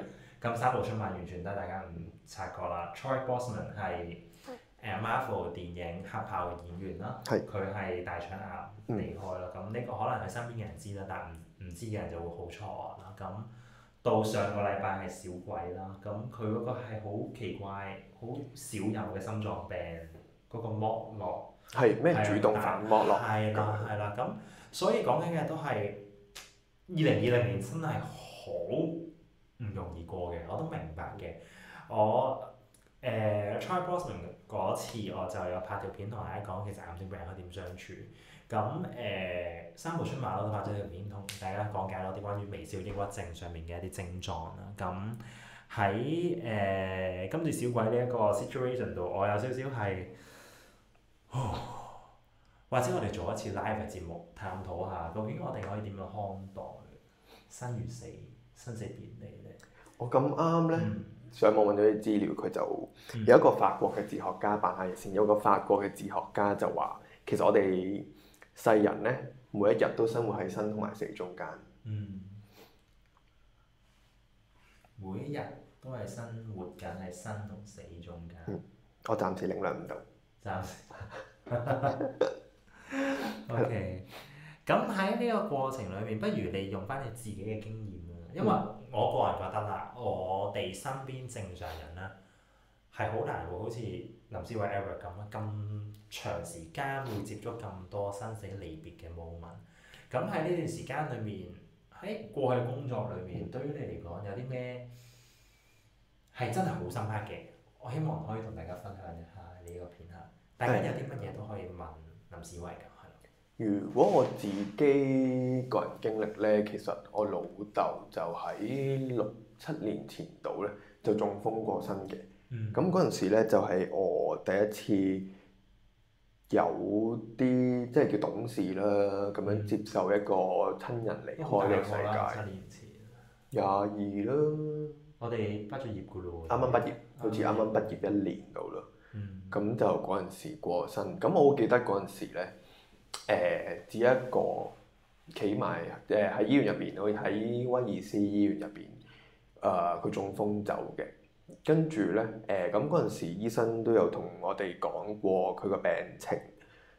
的、嗯、三部出發完全得大家唔察覺啦。Choi Bosman 係誒 Marvel 電影黑豹嘅演員啦，佢係的大腸癌離開啦。咁呢個可能佢身邊嘅人知啦，但係唔唔知嘅人就會好錯啦。咁。到上個禮拜係小鬼啦，咁佢嗰個係好奇怪，好少有嘅心臟病嗰、那個剝落，係咩主動脈剝落？係啦係啦，咁但 所以講緊嘅都係二零二零年真係好唔容易過嘅，我都明白嘅。我誒 Try、呃、Bosman 嗰次我就有拍條片同大家講，其實癌症病人佢點相處。咁誒、呃，三步出馬咯，或者係點同大家講解多啲關於微笑抑鬱症上面嘅一啲症狀啦。咁喺誒今次小鬼呢一個 situation 度，我有少少係，或者我哋做一次 live 嘅節目，探討下究竟我哋可以點樣看待生與死，生死別離咧。我咁啱咧，嗯、上網揾咗啲資料，佢就有一個法國嘅哲學家辦，百年前有個法國嘅哲學家就話，其實我哋。世人咧，每一日都生活喺生同埋死中間。嗯，每一日都係生活緊，喺生同死中間。我暫時領略唔到。暫時。OK，咁喺呢個過程裏面，不如你用返你自己嘅經驗。因為我個人覺得啦，我哋身邊正常人咧，係好難會好似。林思偉 Edward 咁啊，咁長時間會接觸咁多生死離別嘅 moment。咁喺呢段時間裏面，喺過去工作裏面，嗯、對於你嚟講有啲咩係真係好深刻嘅？我希望可以同大家分享一下你呢個片刻，大家有啲乜嘢都可以問林思偉嘅，係。如果我自己個人經歷咧，其實我老豆就喺六七年前度咧就中風過身嘅。咁嗰陣時咧，就係我第一次有啲即係叫懂事啦，咁樣接受一個親人離開嘅世界。廿二、嗯、啦。我哋畢咗業噶咯喎。啱啱畢業，好似啱啱畢業一年到啦。咁就嗰陣時過身，咁我記得嗰陣時咧，誒、呃、只一個企埋誒喺醫院入邊，我喺威爾斯醫院入邊，誒、呃、佢中風走嘅。跟住咧，誒咁嗰陣時，醫生都有同我哋講過佢個病情。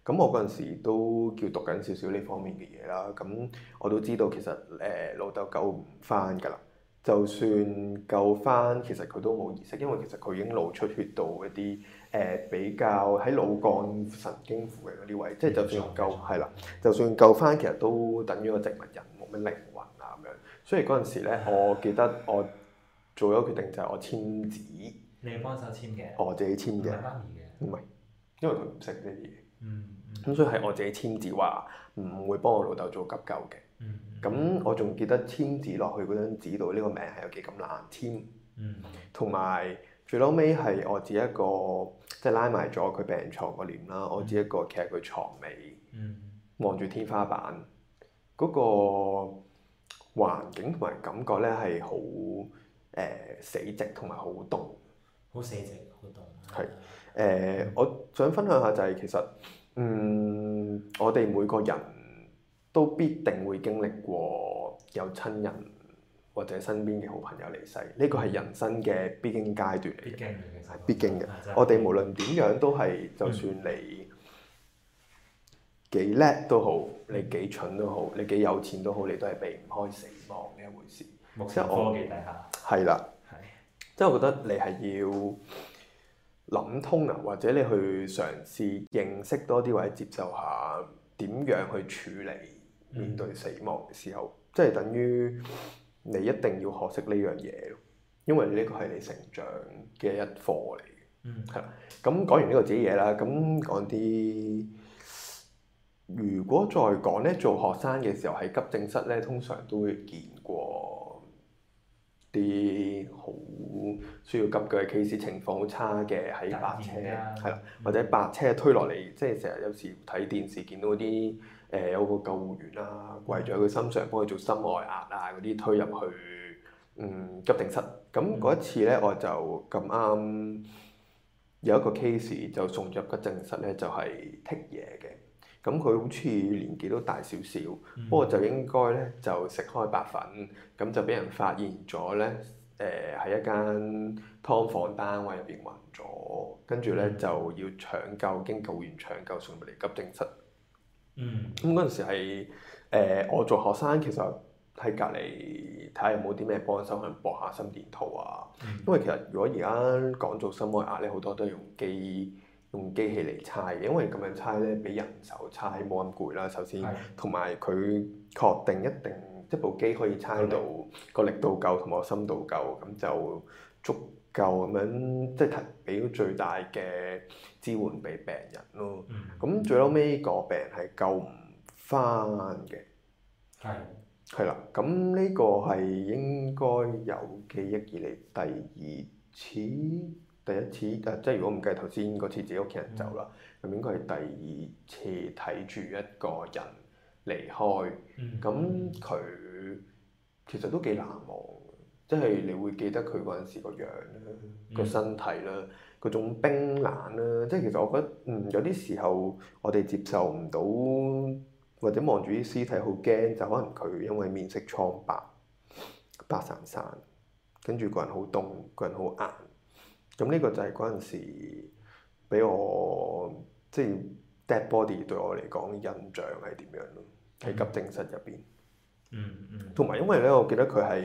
咁我嗰陣時都叫讀緊少少呢方面嘅嘢啦。咁我都知道其實誒、呃、老豆救唔翻㗎啦。就算救翻，其實佢都冇意識，因為其實佢已經腦出血到一啲誒、呃、比較喺腦幹神經附近嗰啲位。即係錯就，就算救係啦錯，就算救翻，其實都等於個植物人，冇乜靈魂啊咁樣。所以嗰陣時咧，我記得我。做咗決定就係我簽字，你幫手簽嘅，我自己簽嘅，唔係媽咪嘅，唔係，因為佢唔識啲嘢。嗯，咁所以係我自己簽字，話唔會幫我老豆做急救嘅、嗯。嗯，咁我仲記得簽字落去嗰張紙度呢個名係有幾咁難簽。嗯，同埋最撈尾係我自己一個，即、就、係、是、拉埋咗佢病床個簾啦。嗯嗯、我自己一個，企喺佢床尾望住、嗯、天花板嗰、那個環境同埋感覺咧係好。誒、呃、死寂同埋好凍，好死寂，好凍。係，誒、呃、我想分享下就係、是，其實嗯，我哋每個人都必定會經歷過有親人或者身邊嘅好朋友離世，呢個係人生嘅必經階段嚟嘅，必經嘅。我哋、嗯、無論點樣都係，就算你幾叻都好，你幾蠢都好，你幾有錢都好，你都係避唔開死亡呢一回事。即係科技底下係啦，即係我覺得你係要諗通啊，或者你去嘗試認識多啲，或者接受下點樣去處理面對死亡嘅時候，嗯、即係等於你一定要學識呢樣嘢，因為呢個係你成長嘅一課嚟嘅。嗯，係啦。咁講完呢個自己嘢啦，咁講啲如果再講咧，做學生嘅時候喺急症室咧，通常都會見過。啲好需要急救嘅 case，情況好差嘅喺白車，係啦是，了或者白車推落嚟，即係成日有時睇電視見到啲誒、呃、有個救護員啦、啊，跪咗喺佢身上幫佢做心外壓啊啲推入去，嗯，急症室。咁嗰一次咧，我就咁啱有一個 case 就送咗入急症室咧，就係剔嘢嘅。咁佢好似年紀都大少少，嗯、不過就應該咧就食開白粉，咁就俾人發現咗咧，誒、呃、喺一間劏房單位入邊暈咗，跟住咧就要搶救，經救援搶救送嚟急症室。嗯。咁嗰陣時係、呃、我做學生，其實喺隔離睇下有冇啲咩幫手可以搏下心電圖啊，嗯、因為其實如果而家講做心外壓咧，好多都用機。用機器嚟猜，因為咁樣猜咧，比人手猜，冇咁攰啦。首先，同埋佢確定一定，即部機可以猜到個力度夠同埋深度夠，咁就足夠咁樣，即係提俾到最大嘅支援俾病人咯。咁、嗯、最後尾個病係救唔翻嘅，係係啦。咁呢個係應該有記憶以嚟第二次。第一次，誒、啊，即係如果唔計頭先嗰次自己屋企人走啦，咁、嗯、應該係第二次睇住一個人離開，咁佢、嗯、其實都幾難忘，即係、嗯、你會記得佢嗰陣時個樣個、嗯、身體啦、嗰種冰冷啦、啊。即係其實我覺得，嗯，有啲時候我哋接受唔到，或者望住啲屍體好驚，就可能佢因為面色蒼白、白散散，跟住個人好凍，個人好硬。咁呢個就係嗰陣時俾我即係、就是、dead body 對我嚟講印象係點樣咯。喺、嗯、急症室入邊、嗯，嗯嗯，同埋因為咧，我記得佢係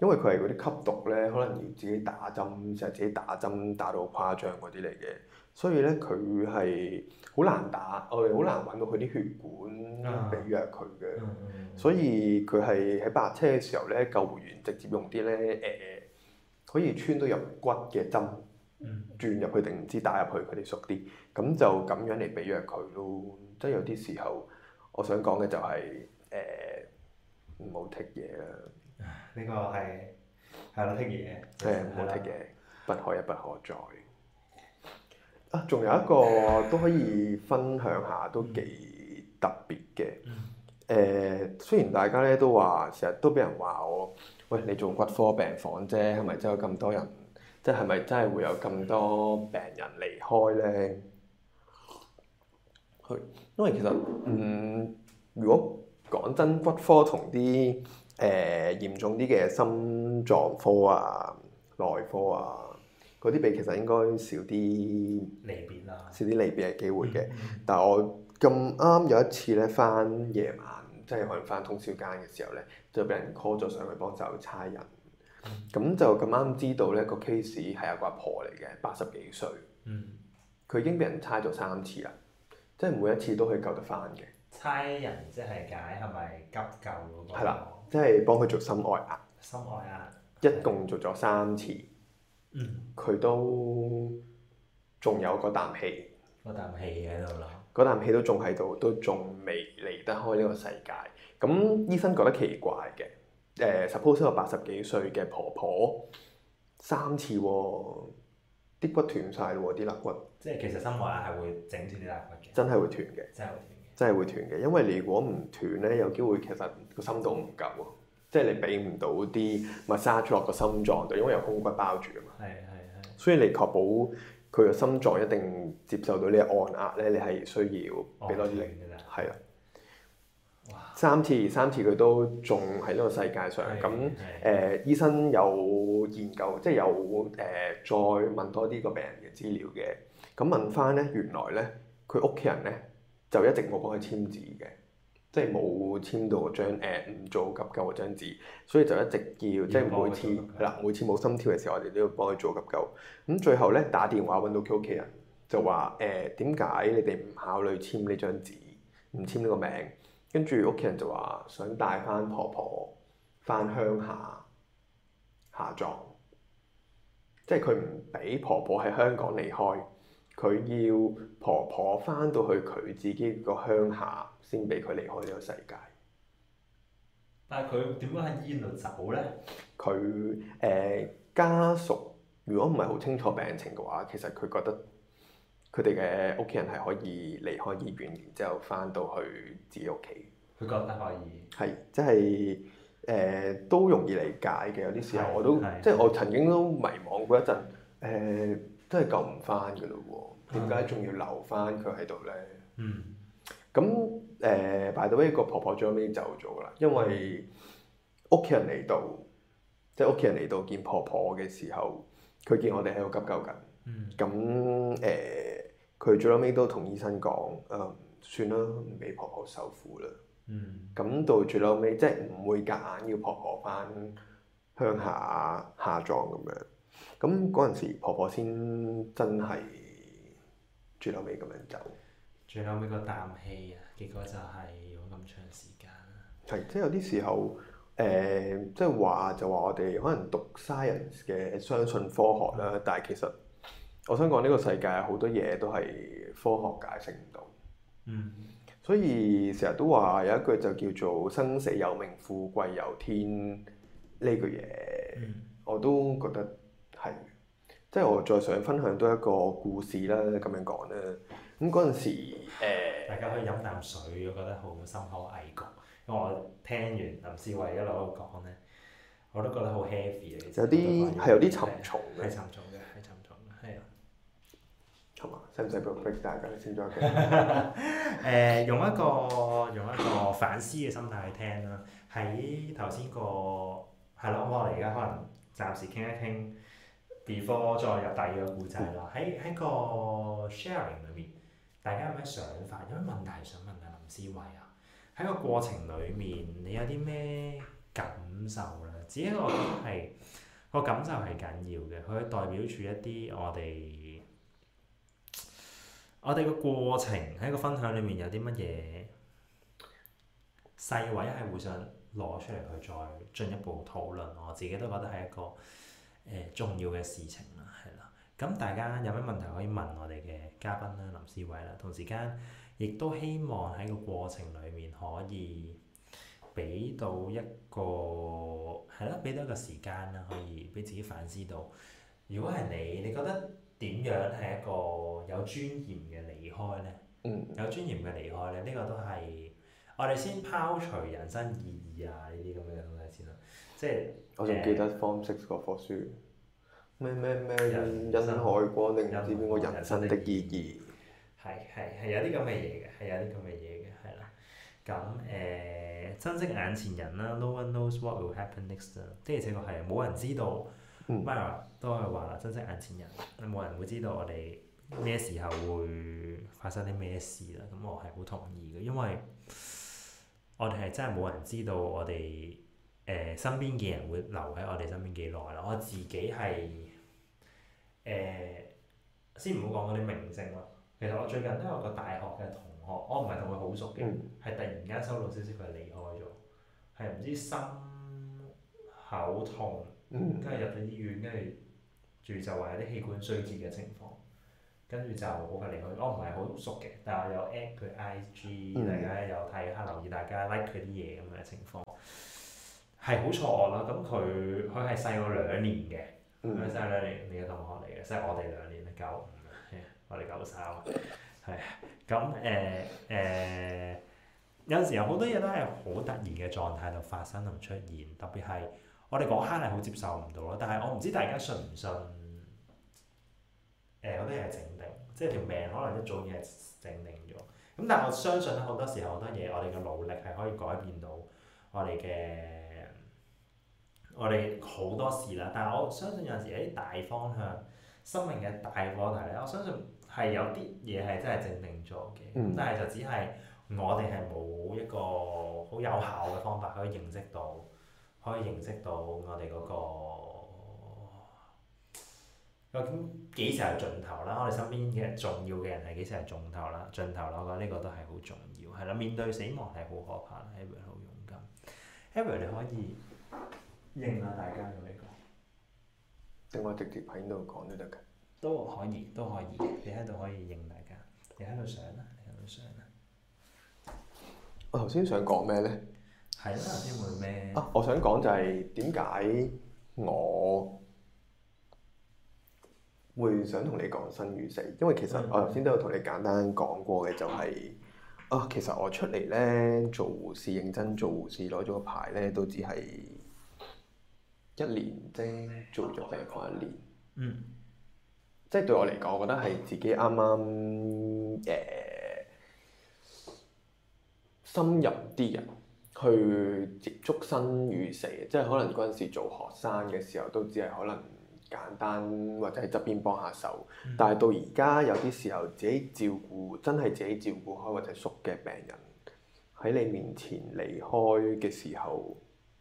因為佢係嗰啲吸毒咧，嗯、可能要自己打針，成日、嗯、自己打針打到好誇張嗰啲嚟嘅，所以咧佢係好難打，嗯、我哋好難揾到佢啲血管俾藥佢嘅，嗯嗯、所以佢係喺白車嘅時候咧，救護員直接用啲咧誒。呃可以穿到入骨嘅針，轉入去定唔知打入去，佢哋熟啲，咁就咁樣嚟俾藥佢咯。即係有啲時候，我想講嘅就係、是、誒，唔好剔嘢啦。呢個係係啦，剔嘢，係唔好剔嘢，care, 不可一不可再。啊，仲有一個都可以分享下，都幾特別嘅。嗯誒、呃，雖然大家咧都話，成日都俾人話我，喂，你做骨科病房啫，係咪真係有咁多人？即係咪真係會有咁多病人離開咧？係，因為其實嗯，如果講真，骨科同啲誒嚴重啲嘅心臟科啊、內科啊嗰啲比，其實應該少啲離別啦，少啲離別嘅機會嘅。嗯嗯，但係我咁啱有一次咧，返夜晚。即係可能返通宵更嘅時候咧，就俾人 call 咗上去幫手差人。咁就咁啱知道咧個 case 係阿個阿婆嚟嘅，八十幾歲。嗯。佢已經俾人差咗三次啊！即係每一次都可以救得翻嘅。差人即係解係咪急救嗰個？係啦，即係幫佢做心外壓。心外壓。一共做咗三次。嗯。佢都仲有個啖氣。個啖氣喺度咯。嗰啖氣都仲喺度，都仲未離得開呢個世界。咁醫生覺得奇怪嘅，誒，suppose 個八十幾歲嘅婆婆三次喎，啲、哦、骨斷晒咯喎，啲肋骨。即係其實心外壓係會整斷啲肋骨嘅。真係會斷嘅。真係會，真係會斷嘅。因為你如果唔斷咧，有機會其實個深度唔夠，即係你俾唔到啲 massage 落個心臟度，因為有胸骨包住啊嘛。係係係。所以你確保，佢嘅心臟一定接受到呢個按壓咧，你係需要俾多啲力嘅。係啦、哦的，三次，三次佢都仲喺呢個世界上。咁誒，醫生有研究，即係有誒、呃，再問多啲個病人嘅資料嘅。咁問返咧，原來咧，佢屋企人咧就一直冇幫佢簽字嘅。即係冇簽到張誒唔、呃、做急救嘅張紙，所以就一直叫。即係每次係啦，救救每次冇心跳嘅時候，我哋都要幫佢做急救。咁最後咧，打電話揾到佢屋企人，就話誒點解你哋唔考慮簽呢張紙，唔簽呢個名？跟住屋企人就話想帶翻婆婆翻鄉下下葬，即係佢唔俾婆婆喺香港離開。佢要婆婆返到去佢自己個鄉下，先俾佢離開呢個世界。但係佢點解喺醫院度走咧？佢誒、呃、家屬如果唔係好清楚病情嘅話，其實佢覺得佢哋嘅屋企人係可以離開醫院，然之後返到去自己屋企。佢覺得可以。係，即係誒都容易理解嘅。有啲時候我都是即係我曾經都迷惘過一陣誒。呃都係救唔翻嘅咯喎，點解仲要留翻佢喺度咧？嗯，咁、呃、誒，擺到一個婆婆最尾走咗啦，因為屋企人嚟到，即係屋企人嚟到見婆婆嘅時候，佢見我哋喺度急救緊。嗯，咁、呃、誒，佢最尾都同醫生講，誒、呃，算啦，唔俾婆婆受苦啦。嗯，咁到最尾即係唔會夾硬要婆婆翻鄉下下，下葬咁樣。咁嗰陣時，婆婆先真係最後尾咁樣走，最後尾個啖氣啊，結果就係用咁長時間、啊。係即係有啲時候，誒、呃、即係話就話我哋可能讀 science 嘅相信科學啦，嗯、但係其實我想講呢、呢個世界好多嘢都係科學解釋唔到，嗯，所以成日都話有一句就叫做生死有命，富貴由天呢句嘢，嗯、我都覺得。係，即係我再想分享多一個故事啦，咁樣講咧。咁嗰陣時，誒大家可以飲啖水，我覺得好心口畏焗。因為我聽完林思偉一路講咧，我都覺得好 heavy 點其實。有啲係有啲沉重嘅，係沉重嘅，係沉重嘅，係啊。好嘛，使唔使俾個 break 先？噶，你先再傾。誒，用一個用一個反思嘅心態去聽啦。喺頭先個係啦，我哋而家可能暫時傾一傾。before 再入第二個故仔啦，喺喺、嗯、個 sharing 裏面，大家有咩想法？有咩問題想問問啊？林思偉啊，喺個過程裏面，你有啲咩感受咧？只係我覺得係個感受係緊要嘅，佢代表住一啲我哋我哋個過程，喺個分享裏面有啲乜嘢細位係會想攞出嚟去再進一步討論。我自己都覺得係一個。重要嘅事情啦，係啦，咁大家有咩問題可以問我哋嘅嘉賓啦，林思偉啦，同時間亦都希望喺個過程裡面可以俾到一個係啦，俾到一個時間啦，可以俾自己反思到，如果係你，你覺得點樣係一個有尊嚴嘅離開呢？嗯。有尊嚴嘅離開咧，呢個都係我哋先拋除人生意義啊，呢啲咁樣。即係、呃、我仲記得 form six 嗰個課書，咩咩咩？人恩生海光定有啲邊個人生的意義？係係係有啲咁嘅嘢嘅，係有啲咁嘅嘢嘅，係啦。咁誒、呃，珍惜眼前人啦。No one knows what will happen next time. 即係這個係冇人知道。Mar、嗯、都係話珍惜眼前人，冇人會知道我哋咩時候會發生啲咩事啦。咁我係好同意嘅，因為我哋係真係冇人知道我哋。誒、呃、身邊嘅人會留喺我哋身邊幾耐啦。我自己係誒、呃、先唔好講嗰啲明星啦。其實我最近都有個大學嘅同學，我唔係同佢好熟嘅，係、嗯、突然間收到消息佢離開咗，係唔知心口痛，跟住、嗯、入咗醫院，跟住住就話有啲器官衰竭嘅情況，跟住就好快離開。我唔係好熟嘅，但係我有 at 佢 IG、嗯、大家有睇下留意大家 like 佢啲嘢咁嘅情況。係好錯愕啦！咁佢佢係細我兩年嘅，佢細我兩年嘅同學嚟嘅，即係我哋兩年啦，九五 我哋九三，係咁誒誒。有陣時候好多嘢都係好突然嘅狀態度發生、同出現，特別係我哋嗰一刻係好接受唔到咯。但係我唔知大家信唔信，誒嗰啲係整定，即係條命可能一早已經係整定咗。咁但係我相信咧，好多時候好多嘢，我哋嘅努力係可以改變到我哋嘅。我哋好多事啦，但係我相信有陣時，喺大方向、生命嘅大問題咧，我相信係有啲嘢係真係正定咗嘅。咁、嗯、但係就只係我哋係冇一個好有效嘅方法可以認識到，可以認識到我哋嗰、那個究竟幾時係盡頭啦，我哋身邊嘅重要嘅人係幾時係盡頭啦，盡頭啦，我覺得呢個都係好重要，係啦。面對死亡係好可怕啦，Edward 好勇敢，Edward 你可以。應啊！認下大家用呢、這個，定話直接喺度講都得㗎。都可以，都可以。你喺度可以認大家，你喺度想啦，你喺度想啦。我頭先想講咩咧？係啦，頭先會咩？啊，我想講就係點解我會想同你講生與死，因為其實我頭先都有同你簡單講過嘅、就是，就係啊，其實我出嚟咧做護士認真做護士，攞咗個牌咧都只係。一年啫，做咗就係嗰一年。就是一年嗯、即係對我嚟講，我覺得係自己啱啱誒深入啲人去接觸生與死，嗯、即係可能嗰陣時做學生嘅時候都只係可能簡單或者喺側邊幫下手。嗯、但係到而家有啲時候自己照顧真係自己照顧開或者熟嘅病人喺你面前離開嘅時候，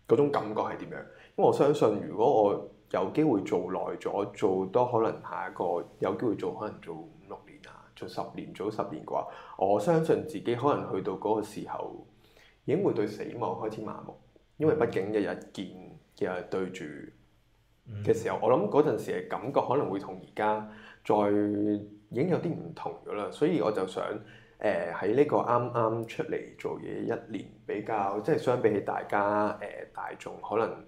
嗰種感覺係點樣？咁我相信，如果我有機會做耐咗，做多可能下一個有機會做，可能做五六年啊，做十年，做十年嘅話，我相信自己可能去到嗰個時候，已經會對死亡開始麻木，因為畢竟日日見，日日對住嘅時候，我諗嗰陣時嘅感覺可能會同而家再已經有啲唔同咗啦。所以我就想誒喺呢個啱啱出嚟做嘢一年，比較即係相比起大家誒、呃、大眾可能，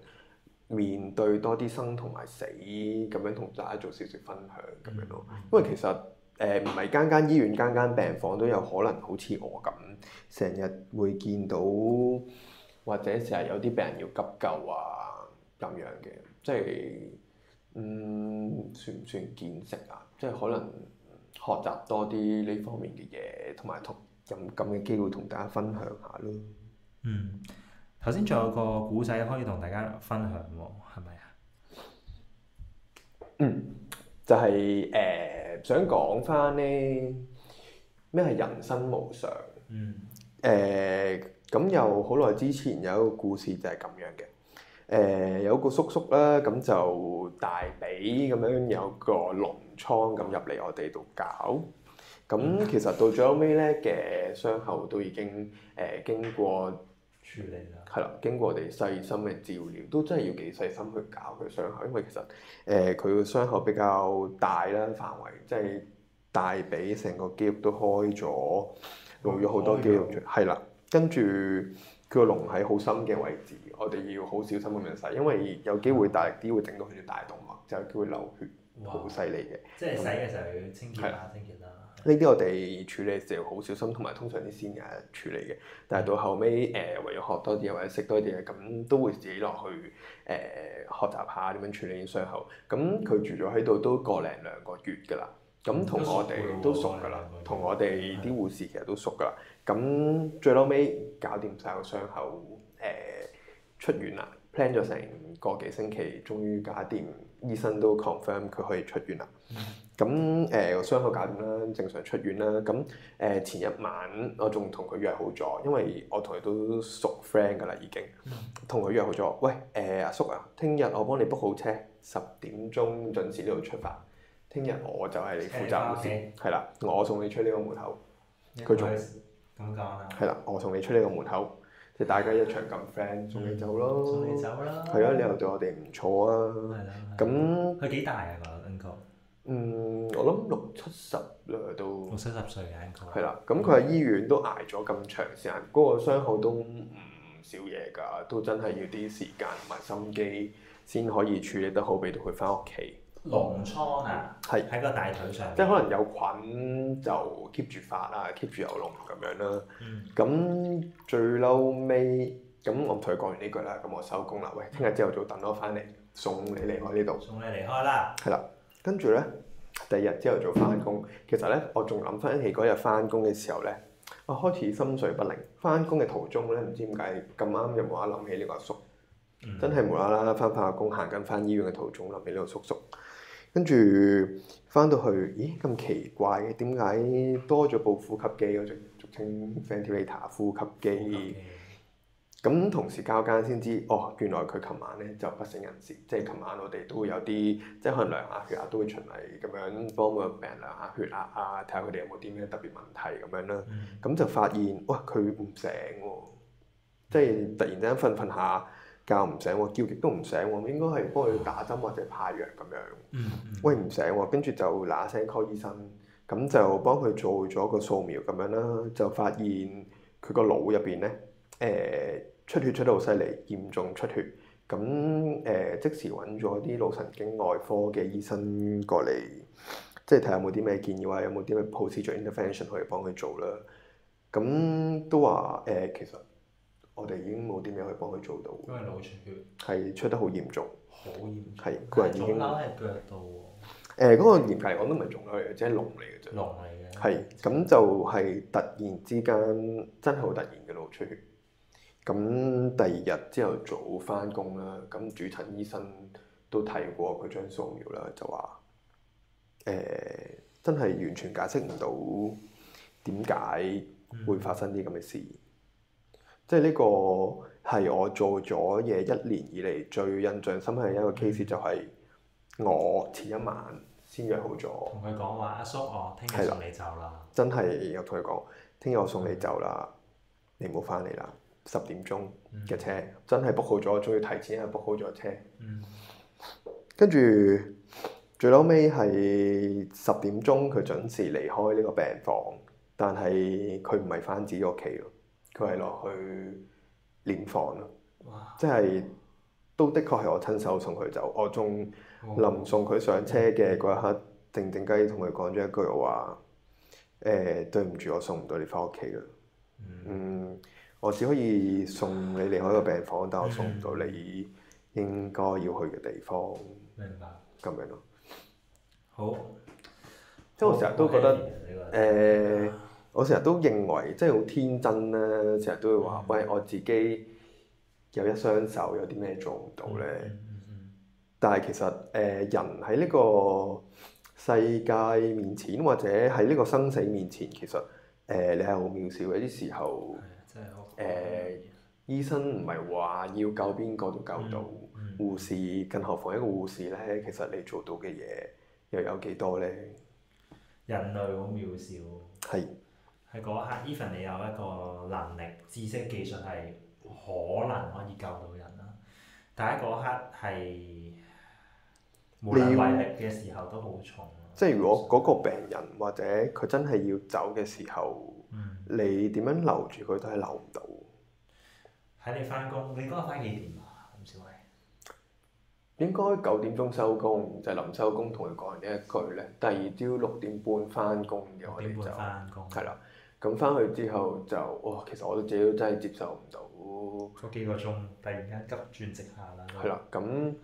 面對多啲生同埋死，咁樣同大家做少少分享咁樣咯，因為其實誒唔係間間醫院間間病房都有可能好似我咁，成日會見到或者成日有啲病人要急救啊咁樣嘅，即係嗯算唔算見識啊？即係可能學習多啲呢方面嘅嘢，同埋同有咁嘅機會同大家分享下咯。嗯。頭先仲有個故仔可以同大家分享喎，係咪啊？嗯，就係、是、誒、呃、想講翻呢咩係人生無常。嗯。誒咁、呃、又好耐之前有一個故事就係咁樣嘅。誒、呃、有個叔叔啦，咁就大髀咁樣有個膿瘡咁入嚟我哋度搞。咁其實到最後尾咧嘅傷口都已經誒、呃、經過。係啦，經過我哋細心嘅照料，都真係要幾細心去搞佢傷口，因為其實誒佢個傷口比較大啦，範圍即係大髀成個肌肉都開咗，露咗好多肌肉出嚟，係啦、嗯嗯，跟住佢個窿喺好深嘅位置，我哋要好小心咁樣洗，嗯、因為有機會大力啲會整到佢啲大動脈，就有機會流血好犀利嘅。即係洗嘅時候要清潔啦，清潔啦。呢啲我哋處理時好小心，同埋通常啲先人處理嘅。但係到後尾誒、呃，為咗學多啲或者識多啲嘢，咁都會自己落去誒、呃、學習下點樣處理啲傷口。咁佢住咗喺度都個零兩個月㗎啦。咁同我哋都熟㗎啦，同我哋啲護士其實都熟㗎啦。咁最後尾搞掂晒個傷口，誒、呃、出院啦。plan 咗成個幾星期，終於搞掂。醫生都 confirm 佢可以出院啦。 咁誒、嗯、傷口搞掂啦，正常出院啦。咁誒前一晚我仲同佢約好咗，因為我同佢都熟 friend 㗎啦，已經同佢約好咗。喂，誒阿、呃、叔啊，聽日我幫你 book 好車，十點鐘準時呢度出發。聽日我就係你負責護士，係啦，我送你出呢個門口。佢仲係啦，我送你出呢個門口，即係大家一場咁 friend，送你走咯，嗯、送你走啦。係啊，你又對我哋唔錯啊。咁佢幾大啊？嗯，我諗六七十啦都。六七十歲嘅應該。係啦，咁佢喺醫院都挨咗咁長時間，嗰個傷口都唔少嘢㗎，都真係要啲時間同埋心機先可以處理得好，俾到佢翻屋企。膿瘡啊？係喺個大腿上。即係可能有菌就 keep 住發啊，keep 住有膿咁樣啦。嗯。咁最嬲尾，咁我同佢講完呢句啦，咁我收工啦。喂，聽日朝頭早等我翻嚟送你離開呢度。送你離開啦。係啦。跟住咧，第二日朝頭早翻工，其實咧我仲諗翻起嗰日翻工嘅時候咧，我開始心水不寧。翻工嘅途中咧，唔知點解咁啱又冇啦啦諗起呢個叔，叔，嗯、真係無啦啦翻返下工，行緊翻醫院嘅途中諗起呢個叔叔。跟住翻到去，咦咁奇怪嘅，點解多咗部呼吸機？我俗稱 ventilator 呼吸機。嗯咁同時交間先知，哦，原來佢琴晚咧就不省人事。即係琴晚我哋都會有啲，即係可能量下血壓、啊、都會循例，咁樣幫個病人量下血壓啊，睇下佢哋有冇啲咩特別問題咁樣啦。咁、嗯、就發現，哇，佢唔醒喎、啊，即係突然之間瞓瞓下，覺唔醒喎、啊，叫極都唔醒喎、啊，應該係幫佢打針或者派藥咁樣。嗯嗯喂，唔醒喎、啊，跟住就嗱嗱聲 call 醫生，咁就幫佢做咗個掃描咁樣啦，就發現佢個腦入邊咧。誒出血出得好犀利，嚴重出血。咁誒、呃、即時揾咗啲腦神經外科嘅醫生過嚟，即係睇下有冇啲咩建議啊，有冇啲咩 procedure intervention 可以幫佢做啦。咁都話誒、呃，其實我哋已經冇啲咩可以幫佢做到。因為腦出血係出得好嚴重，好嚴重係個人已經腫瘤喺腳度喎。嗰、呃那個嚴格嚟講都唔係腫瘤嚟嘅，即係瘤嚟嘅啫。瘤嚟嘅係咁，就係突然之間真係好突然嘅腦出血。咁第二日朝頭早翻工啦，咁主診醫生都睇過佢張素描啦，就話誒、欸、真係完全解釋唔到點解會發生啲咁嘅事，嗯、即係呢個係我做咗嘢一年以嚟最印象深刻嘅一個 case，就係、是、我前一晚先約好咗，同佢講話阿叔，我聽日送你走啦，真係有同佢講，聽日我送你走啦，嗯、你唔好翻嚟啦。十點鐘嘅車真係 book 好咗，仲要提前係 book 好咗車。跟住、嗯、最嬲尾係十點鐘，佢準時離開呢個病房，但係佢唔係翻自己屋企，佢係落去殮房咯。哇即係都的確係我親手送佢走，我仲臨送佢上車嘅嗰一刻，哦、靜靜雞同佢講咗一句話，誒、呃、對唔住，我送唔到你翻屋企啦。嗯。嗯。我只可以送你離開個病房，但我送唔到你應該要去嘅地方。明白咁樣咯。好，即係我成日都覺得誒，我成日、呃、都認為即係好天真啦。成日都會話：嗯、喂，我自己有一雙手，有啲咩做唔到咧？嗯嗯嗯、但係其實誒、呃，人喺呢個世界面前，或者喺呢個生死面前，其實誒、呃，你係好渺小嘅。有啲時候。誒、呃，醫生唔係話要救邊個都救到，嗯嗯、護士更何況一個護士咧，其實你做到嘅嘢又有幾多咧？人類好渺小。係是。喺嗰刻，even 你有一個能力、知識、技術係可能可以救到人啦，但喺嗰刻係，你無能為力嘅時候都好重。要即係如果嗰個病人或者佢真係要走嘅時候。嗯、你點樣留住佢都係留唔到。喺你翻工，你嗰日翻幾點啊？林思偉你應該九點鐘收工，嗯、就臨收工同佢講完一句咧。第二朝六點半翻工嘅，我哋就係啦。咁翻去之後就哇，其實我哋自己都真係接受唔到。嗰、嗯、幾個鐘突然間急轉直下啦。係啦，咁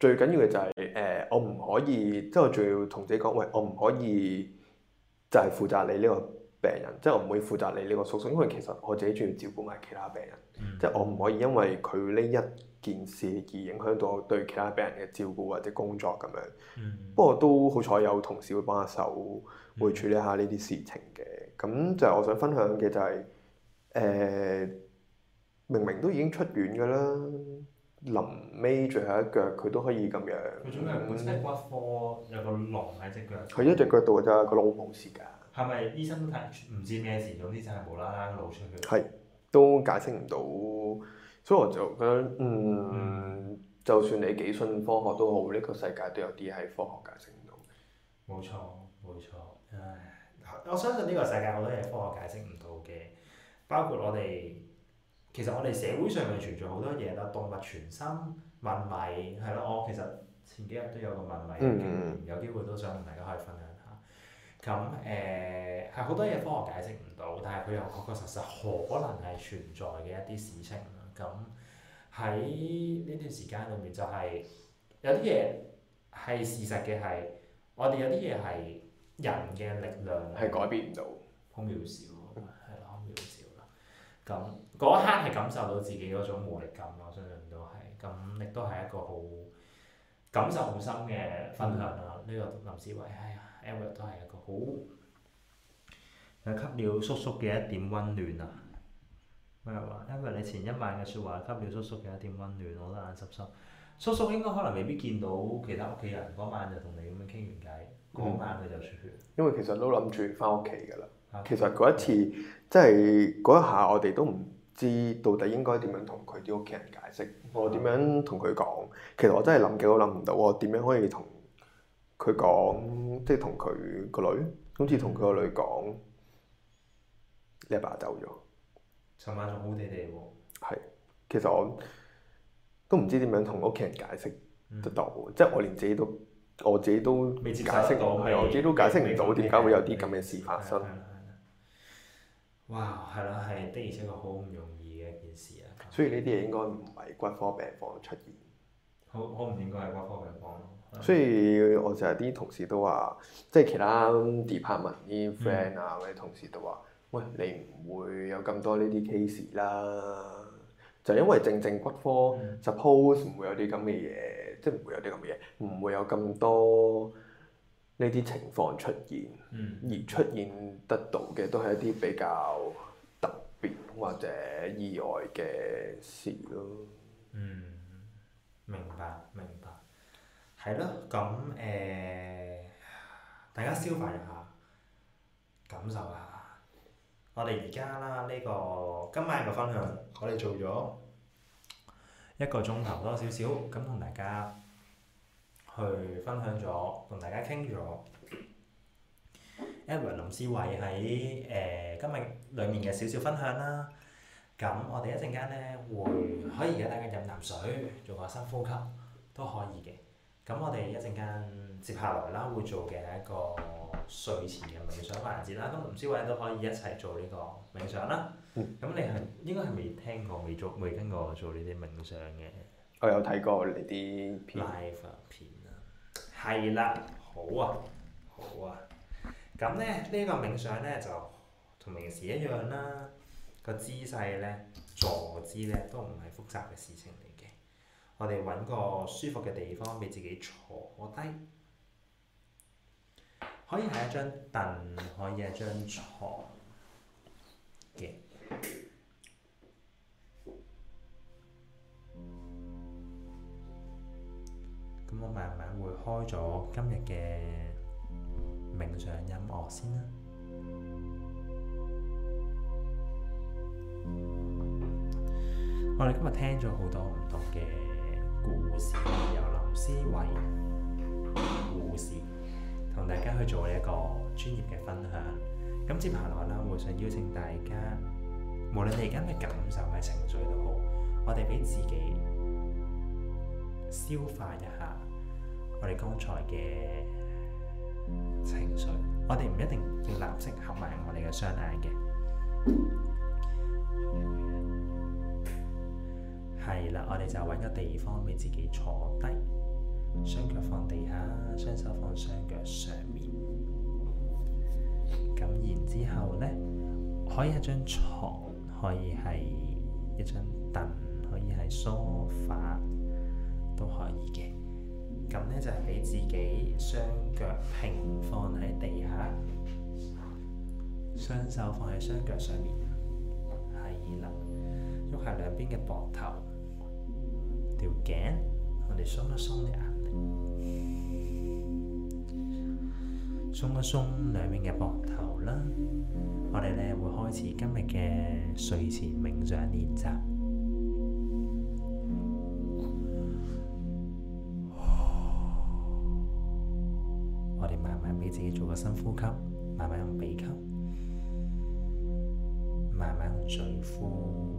最緊要嘅就係、是、誒、呃，我唔可以，嗯、即係我仲要同自己講喂，我唔可以。就係負責你呢個病人，即、就、係、是、我唔會負責你呢個叔叔，因為其實我自己仲要照顧埋其他病人，即係、mm hmm. 我唔可以因為佢呢一件事而影響到我對其他病人嘅照顧或者工作咁樣。Mm hmm. 不過都好彩有同事會幫下手，會處理下呢啲事情嘅。咁、mm hmm. 就係我想分享嘅就係、是，誒、呃、明明都已經出院㗎啦。臨尾最後一腳，佢都可以咁樣。佢總係骨科有個窿喺隻腳。佢一隻腳度就咋，個腦冇事㗎。係咪醫生都睇唔知咩事，總之就係冇啦啦攞出嚟。係，都解釋唔到，所以我就覺得，嗯，嗯就算你幾信科學都好，呢、呢個世界都有啲係科學解釋唔到。冇錯，冇錯，唉，我相信呢個世界好多嘢科學解釋唔到嘅，包括我哋。其實我哋社會上面存在好多嘢啦，動物傳心問米係咯。我其實前幾日都有個問米，嗯嗯有機會都想同大家去分享下。咁誒係好多嘢科學解釋唔到，但係佢又確確實實可能係存在嘅一啲事情。咁喺呢段時間裏面就係、是、有啲嘢係事實嘅，係我哋有啲嘢係人嘅力量係改變唔到，好渺小，係咯，好渺小啦。咁。嗰一刻係感受到自己嗰種無力感咯，我相信都係，咁亦都係一個好感受好深嘅分享啊。呢、嗯、個林子偉，哎呀 e r t 都係一個好，有給了叔叔嘅一點溫暖啊！咩話因 l 你前一晚嘅說話，給了叔叔嘅一點溫暖，我都眼濕濕。叔叔應該可能未必見到其他屋企人，嗰晚就同你咁樣傾完偈，嗰晚佢就出去。因為其實都諗住翻屋企㗎啦。Okay. 其實嗰一次，即係嗰一下，我哋都唔～知到底應該點樣同佢啲屋企人解釋？嗯、我點樣同佢講？其實我真係諗極都諗唔到，我點樣可以同佢講，即係同佢個女，好似同佢個女講，你阿爸走咗。尋晚仲好地地喎。係，其實我都唔知點樣同屋企人解釋得到，嗯、即係我連自己都，我自己都未解釋到，係我自己都解釋唔到點解會有啲咁嘅事發生。嗯嗯嗯嗯哇，係啦，係，的而且確好唔容易嘅一件事啊！所以呢啲嘢應該唔係骨科病房出現。好，我唔應該係骨科病房。所以我成日啲同事都話，即係其他 department 啲 friend 啊、嗯，嗰啲同事都話，喂，你唔會有咁多呢啲 case 啦，就因為正正骨科 suppose 唔會有啲咁嘅嘢，嗯、即係唔會有啲咁嘅嘢，唔會有咁多。呢啲情況出現，嗯、而出現得到嘅都係一啲比較特別或者意外嘅事咯。嗯，明白明白。係咯，咁誒、呃，大家消化一下，感受下。我哋而家啦，呢、呢個今晚嘅分享，我哋做咗一個鐘頭多少少，咁同大家。去分享咗，同大家傾咗一輪，林思偉喺誒今日裏面嘅少少分享啦。咁我哋一陣間咧會，可以而家大家飲啖水，做個深呼吸都可以嘅。咁我哋一陣間接下來啦，會做嘅係一個睡前嘅冥想環節啦。咁林思偉都可以一齊做呢個冥想啦。咁你係應該係未聽過未做未經過做呢啲冥想嘅？我有睇過你啲 live 片。係啦，好啊，好啊。咁咧，呢個冥想咧就同平時一樣啦。個姿勢咧，坐姿咧都唔係複雜嘅事情嚟嘅。我哋揾個舒服嘅地方俾自己坐低，可以係一張凳，可以係張床。咁我慢慢會開咗今日嘅冥想音樂先啦。我哋今日聽咗好多唔同嘅故事，由林思偉護士同大家去做一個專業嘅分享。咁接下來啦，我會想邀請大家，無論你而家嘅感受係情緒都好，我哋俾自己消化一下。我哋剛才嘅情緒，我哋唔一定要立即合埋我哋嘅雙眼嘅。係啦、嗯嗯， 我哋就揾個地方俾自己坐低，雙腳放地下，雙手放雙腳上面。咁然之後呢，可以係張床，可以係一張凳，可以係梳化，都可以嘅。咁呢，就係俾自己雙腳平放喺地下，雙手放喺雙腳上面，係啦，喐下兩邊嘅膊頭，條頸，我哋鬆一鬆啲壓力，鬆一鬆兩邊嘅膊頭啦。我哋呢，會開始今日嘅睡前冥想練習。自己做個深呼吸，慢慢用鼻吸，慢慢用嘴呼。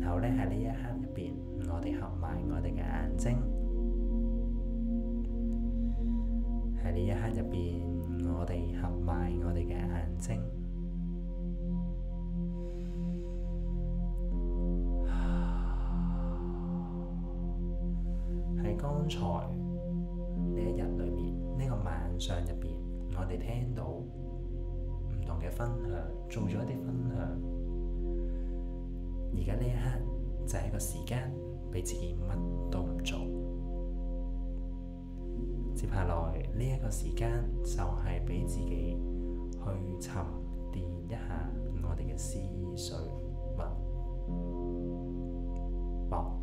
然後呢，喺呢一刻入邊，我哋合埋我哋嘅眼睛。喺呢一刻入邊，我哋合埋我哋嘅眼睛。喺、啊、剛才，上入邊，我哋聽到唔同嘅分享，做咗一啲分享。而家呢一刻就係、是、一個時間，畀自己乜都唔做。接下來呢一、這個時間就係、是、畀自己去沉澱一下我哋嘅思緒物。好。哦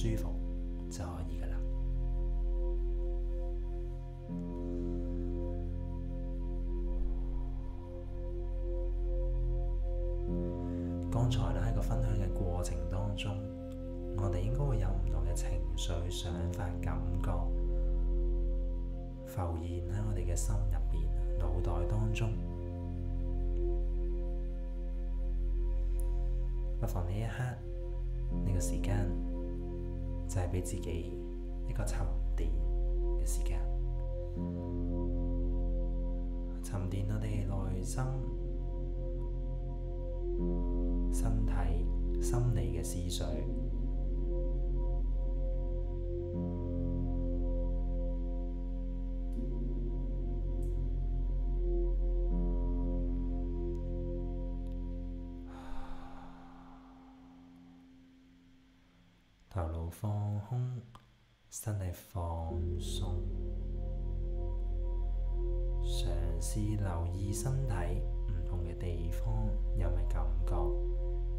舒服就可以噶啦。剛才呢喺個分享嘅過程當中，我哋應該會有唔同嘅情緒、想法、感覺浮現喺我哋嘅心入邊、腦袋當中。不妨呢一刻，呢、呢個時間，就係畀自己一個沉澱嘅時間，沉澱我哋內心、身體、心理嘅思緒。身體放鬆，嘗試留意身體唔同嘅地方有咩感覺，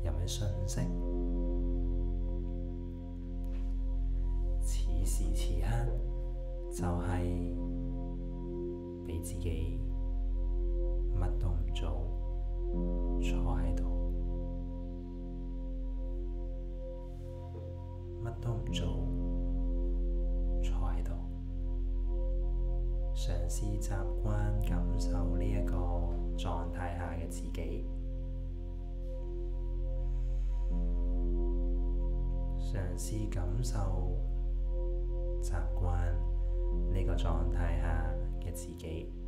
有咩訊息。此時此刻就係畀自己乜都唔做，坐喺度，乜都唔做。嘗試習慣感受呢一個狀態下嘅自己，嘗試感受習慣呢個狀態下嘅自己。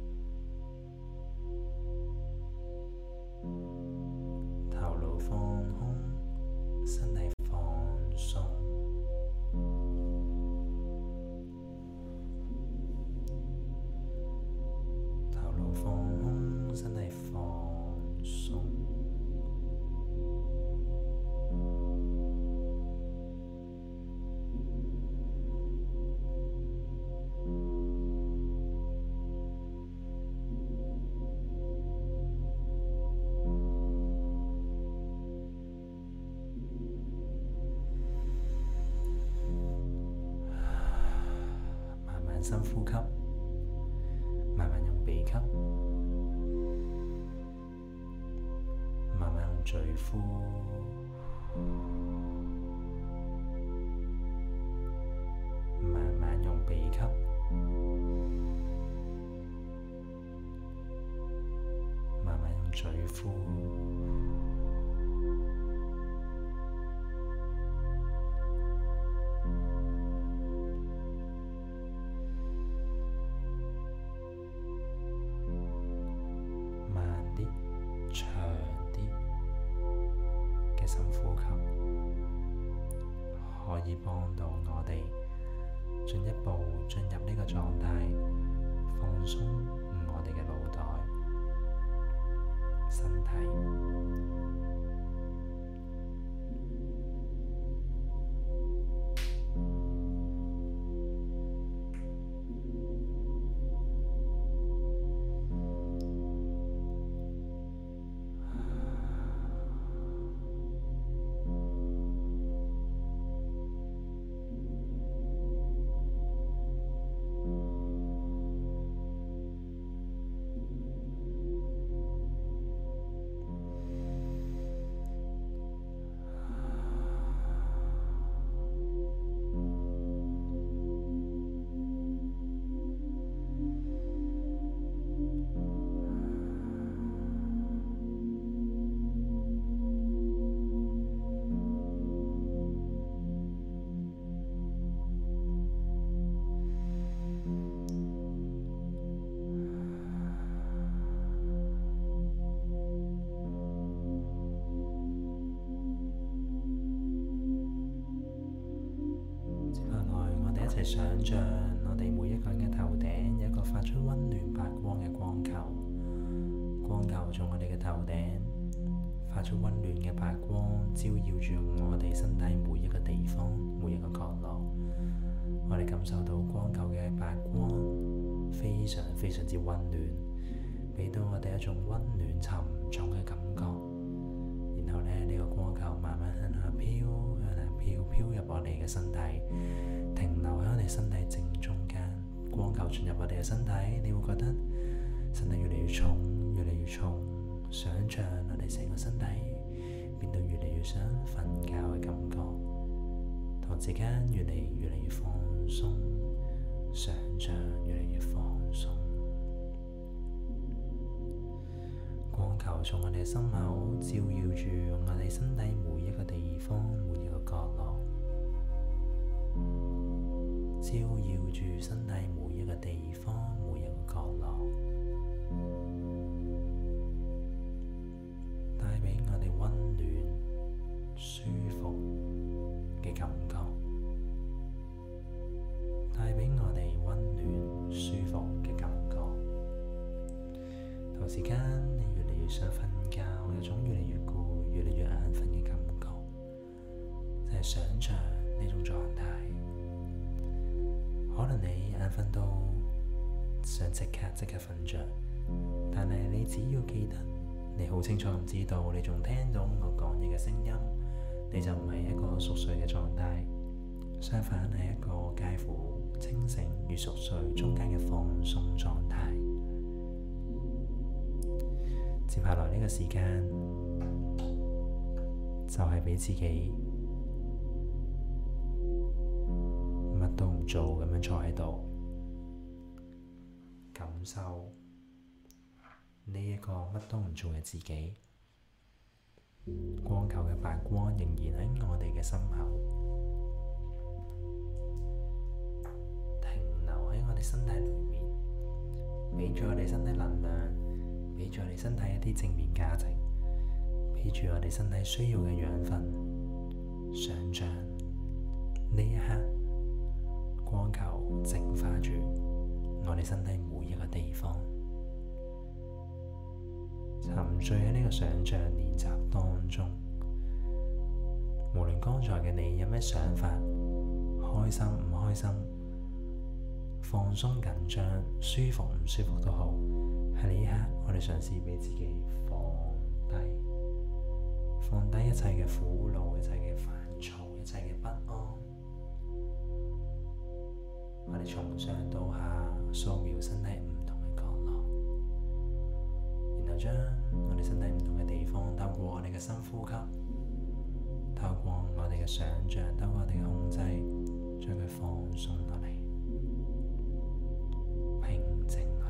深呼吸，慢慢用鼻吸，慢慢用嘴呼。可以幫到我哋進一步進入呢個狀態，放鬆我哋嘅腦袋、身體。想象我哋每一個人嘅頭頂有一個發出溫暖白光嘅光球，光球從我哋嘅頭頂發出溫暖嘅白光，照耀住我哋身體每一個地方、每一個角落。我哋感受到光球嘅白光非常非常之溫暖，畀到我哋一種溫暖沉重嘅感覺。然後呢，呢、呢個光球慢慢向下飄，向下飄，飄入我哋嘅身體，停留喺我哋身體正中間。光球進入我哋嘅身體，你會覺得身體越嚟越重，越嚟越重。想象我哋成個身體變到越嚟越想瞓覺嘅感覺，同時間越嚟越嚟越放鬆，想象越嚟越放鬆。光球從我哋嘅心口照耀住我哋身體每一個地方、每一個角落，照耀住身體每一個地方、每一個角落，帶畀我哋温暖舒服嘅感覺，帶畀我哋温暖舒服嘅感覺，同時間想瞓覺我有種越嚟越攰、越嚟越眼瞓嘅感覺，就係想像呢種狀態。可能你眼瞓到想即刻即刻瞓着，但係你只要記得，你好清楚咁知道你仲聽到我講嘢嘅聲音，你就唔係一個熟睡嘅狀態，相反係一個介乎清醒與熟睡中間嘅放鬆狀態。接下來呢個時間就係、是、畀自己乜都唔做咁樣坐喺度，感受呢一個乜都唔做嘅自己。光球嘅白光仍然喺我哋嘅心口停留，喺我哋身體裏面，畀咗我哋身體能量。俾住我哋身體一啲正面價值，畀住我哋身體需要嘅養分。想象呢一刻光球淨化住我哋身體每一個地方，沉醉喺呢個想象練習當中。無論剛才嘅你有咩想法，開心唔開心，放鬆緊張，舒服唔舒服都好。喺呢一刻，我哋嘗試畀自己放低，放低一切嘅苦惱、一切嘅煩躁、一切嘅不安。 我哋從上到下掃描身體唔同嘅角落，然後將我哋身體唔同嘅地方透過我哋嘅深呼吸，透過我哋嘅想象，透過我哋嘅控制，將佢放鬆落嚟，平靜。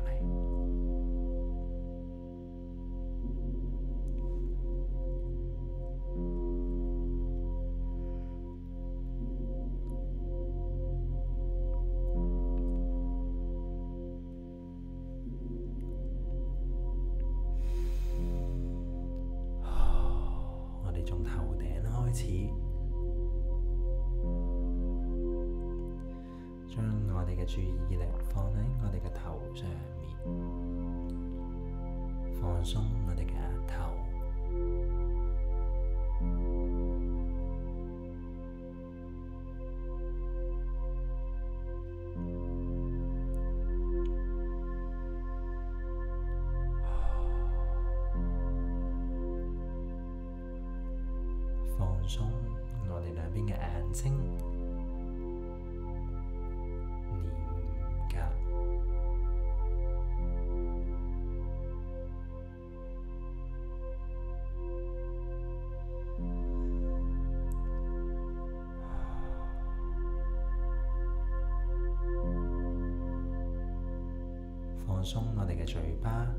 放鬆我哋嘅嘴巴。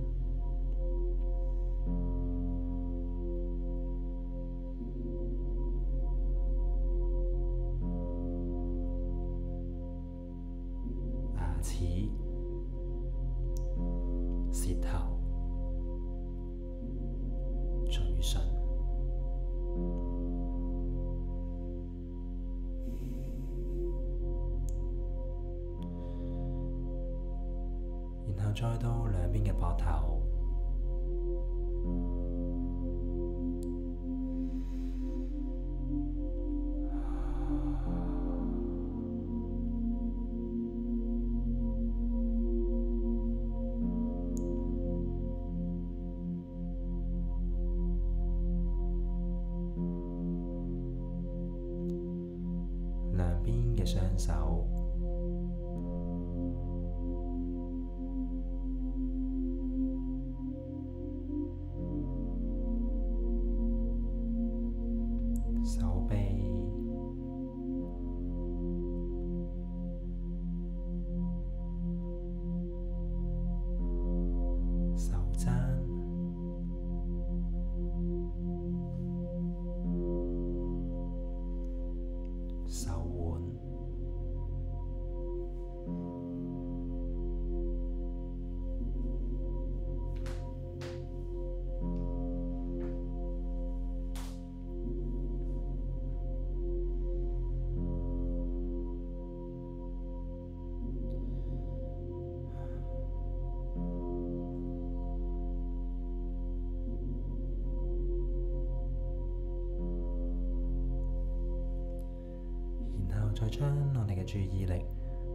將我哋嘅注意力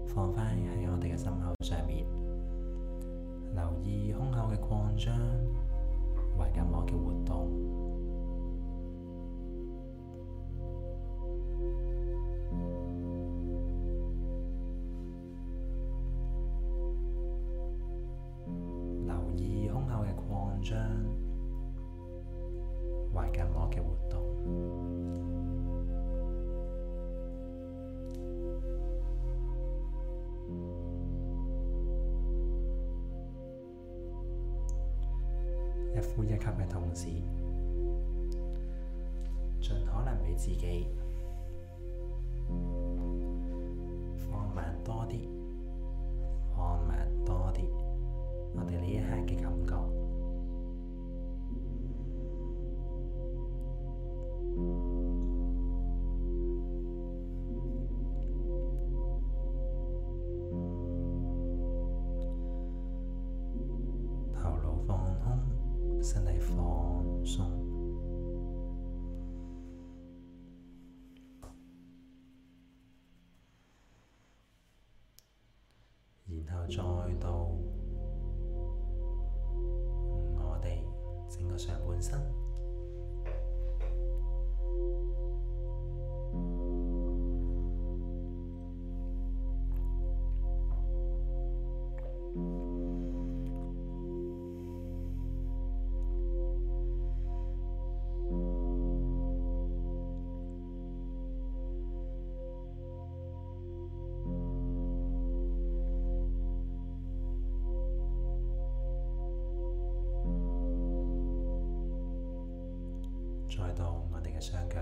放返喺我哋嘅心口上面，留意胸口嘅擴張，胃嘅肌肉活動。一呼一吸嘅同時，盡可能畀自己放慢多啲，放慢多啲，我哋呢一刻嘅感覺。再到我哋嘅雙腳。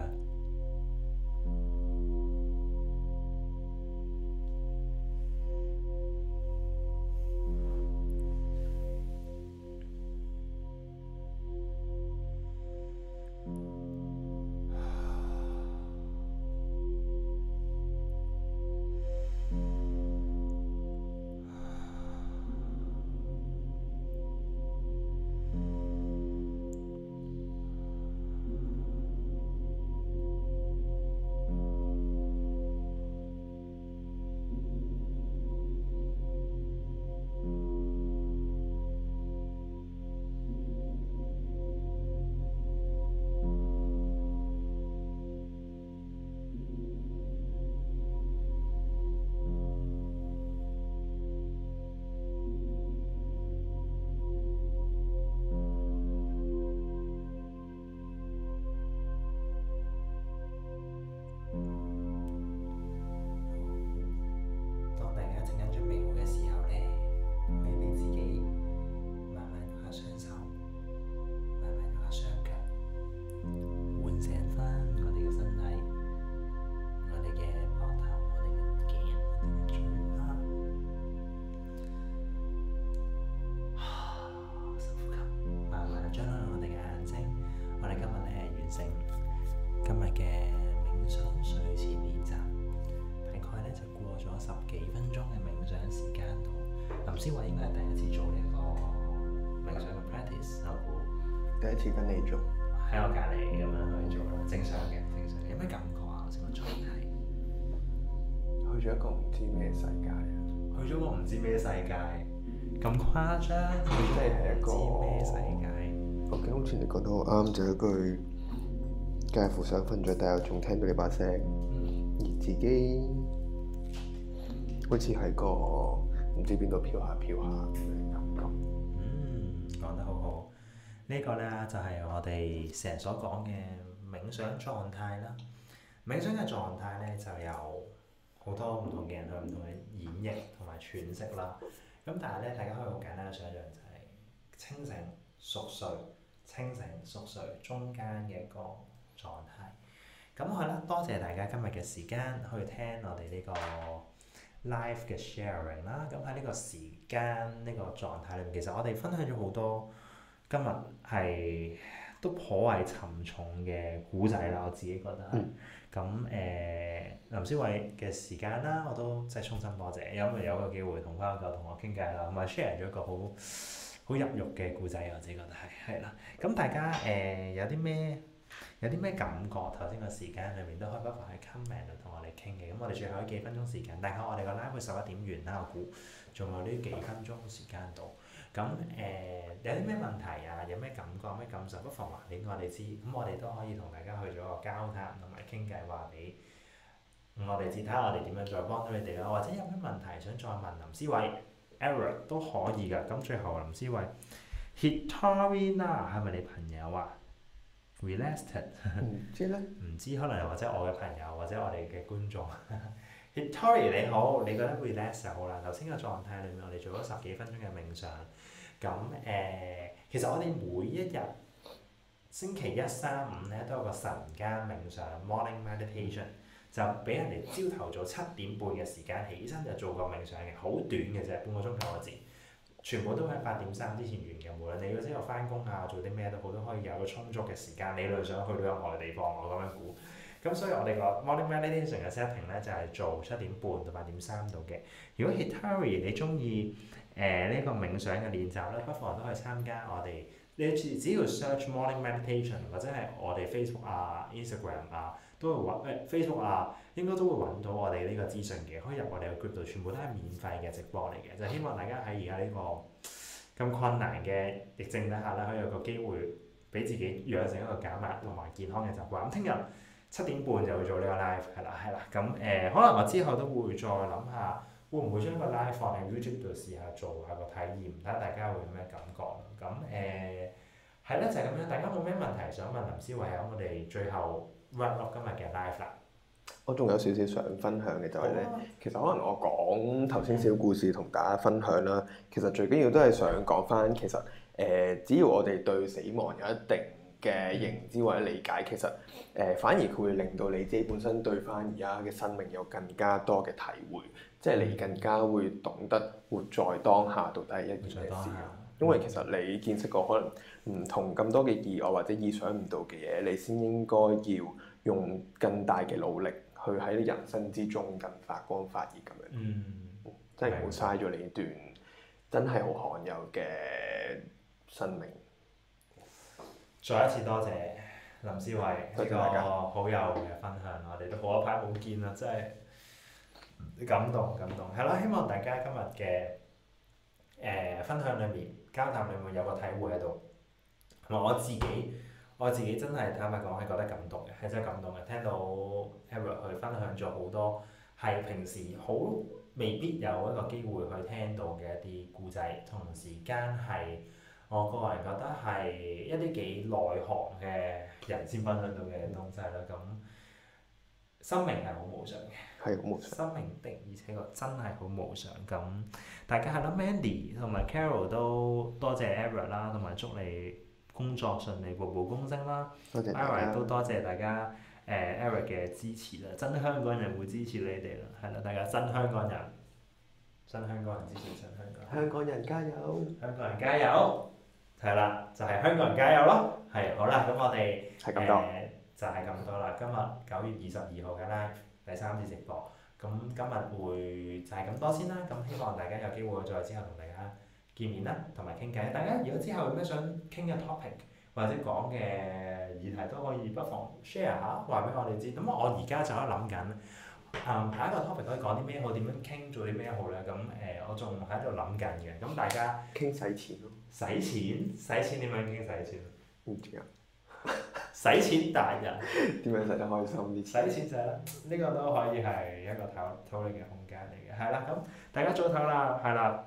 思慧應該係第一次做呢個冥想嘅 practice，就第一次跟你做喺我隔離咁樣去做咯，正常嘅，正常嘅。有咩感覺啊？我先講出嚟。去咗一個唔知咩世界。去咗個唔知咩世界，咁誇張。啊，真。真係係一個。唔知咩世界。我覺得好似你講得好啱，就係一句介乎想瞓著，但係我仲聽到你把聲，而自己好似係個。唔知邊個飄下飄下嘅感覺。嗯，講得好好。這個、呢個咧就係、是、我哋成日所講嘅冥想狀態啦。冥想嘅狀態咧就有好多唔同嘅人去唔同嘅演繹同埋詮釋啦。咁但係咧，大家可以好簡單嘅想象，就係、是、清醒、熟睡、清醒、熟睡中間嘅一個狀態。咁係啦，多謝大家今日嘅時間去聽我哋呢、這個。life 嘅 sharing 啦，咁喺呢個時間呢、這個狀態裏面，其實我哋分享咗好多今日係都頗為沉重嘅古仔啦。我自己覺得，咁誒、嗯呃、林思偉嘅時間啦，我都真係衷心多謝，因為有個機會同返個同學傾偈啦，同埋 share 咗一個好好入肉嘅故仔。我自己覺得係係啦，咁大家誒、呃、有啲咩？有啲咩感覺？頭先個時間裏面都可以不妨喺 comment 度同我哋傾嘅。咁我哋最後有幾分鐘時間，大概我哋個 live 會十一點完啦，我估仲有呢幾分鐘時間度。咁誒、呃，有啲咩問題啊？有咩感覺、咩感受，不妨話畀我哋知。咁我哋都可以同大家去咗個交談，同埋傾偈話畀我哋知。睇下我哋點樣再幫到你哋咯。或者有咩問題想再問林思偉？Edward 都可以㗎。咁最後林思偉 h i t t o w i n a 係咪你朋友啊？relaxed 唔知咧，唔知可能又或者我嘅朋友或者我哋嘅觀眾。觀眾 Tori 你好，你覺得 relaxed 就好啦。頭先嘅狀態裏面，我哋做咗十幾分鐘嘅冥想。咁誒、呃，其實我哋每一日星期一、三、五咧都有個晨間冥想，morning meditation，就俾人哋朝頭早七點半嘅時間起身就做個冥想嘅，好短嘅啫，半個鐘頭嗰啲。全部都喺八點三之前完嘅，無論你或者又返工啊，做啲咩都好，都可以有個充足嘅時間。理論上去到任何地方，我咁樣估。咁所以我哋個 morning meditation 嘅 setting 咧，就係、是、做七點半到八點三度嘅。如果 Hitari 你中意誒呢個冥想嘅練習咧，不妨都可以參加我哋。你只要 search morning meditation 或者係我哋 Facebook 啊、Instagram 啊，都會揾誒、呃、Facebook 啊。應該都會揾到我哋呢個資訊嘅，可以入我哋嘅 group 度，全部都係免費嘅直播嚟嘅。就係、希望大家喺而家呢個咁困難嘅疫症底下啦，可以有個機會俾自己養成一個減壓同埋健康嘅習慣。咁聽日七點半就會做呢個 live 係啦，係啦。咁誒、呃，可能我之後都會再諗下，會唔會將呢個 live 放喺 YouTube 度試下做下個體驗，睇下大家會有咩感覺。咁誒係咧，就係、係、咁樣。大家冇咩問題想問林思偉啊？我哋最後 wrap up 今日嘅 live 啦。我仲有少少想分享嘅就係咧，嗯、其實可能我講頭先小故事同大家分享啦、嗯。其實最緊要都係想講翻，其實誒，只要我哋對死亡有一定嘅認知或者理解，其實誒、呃、反而佢會令到你自己本身對翻而家嘅生命有更加多嘅體會，嗯、即係你更加會懂得活在當下，到底係一件咩事？嗯、因為其實你見識過可能唔同咁多嘅意外或者意想唔到嘅嘢，你先應該要。用更大嘅努力去喺人生之中更發光發熱，咁樣，嗯，真係冇嘥咗你段白真係好罕有嘅生命。再一次多謝林思偉呢個好友嘅分享，我哋都好一排冇見啦，真係感動感動，係啦，希望大家今日嘅誒分享裏面、交談裏面有個體會喺度。同埋我自己。我自己真係坦白講係覺得感動嘅，係真係感動嘅。聽到 Edward 佢分享咗好多係平時好未必有呢個機會去聽到嘅一啲故仔，同時間係我個人覺得係一啲幾內行嘅人先分享到嘅東西啦。咁生命係好無常嘅，係好無常，生命的而且確真係好無常。咁大家係啦，Mandy 同埋 Carol 都多謝 Edward 啦，同埋祝你，工作順利，步步高升啦，多謝 Eric 都多謝大家，誒、呃、Eric 嘅支持啦，真香港人會支持你哋啦，係啦，大家真香港人，真香港人支持真香港人，香港人加油，香港人加油，係啦， 就係、是、香港人加油咯，係好啦，咁我哋誒、呃、就係、是、咁多啦，今日九月二十二號嘅啦，第三次直播，咁今日會就係咁多先啦，咁希望大家有機會再之後同大家。見面啦，同埋傾偈。大家如果之後有咩想傾嘅 topic，或者講嘅議題，都可以不妨 share 下，話俾我哋知。咁我而家就喺度諗緊，誒、嗯、下一個 topic 可以講啲咩好？點樣傾？做啲咩好咧？咁誒、呃，我仲喺度諗緊嘅。咁大家傾使錢咯。洗錢？洗錢點樣傾使錢？唔知啊。 洗錢達人。點 樣使得開心啲？洗錢就呢、係呢個都可以係一個討討論嘅空間嚟嘅，係啦。咁大家早唞啦，係啦。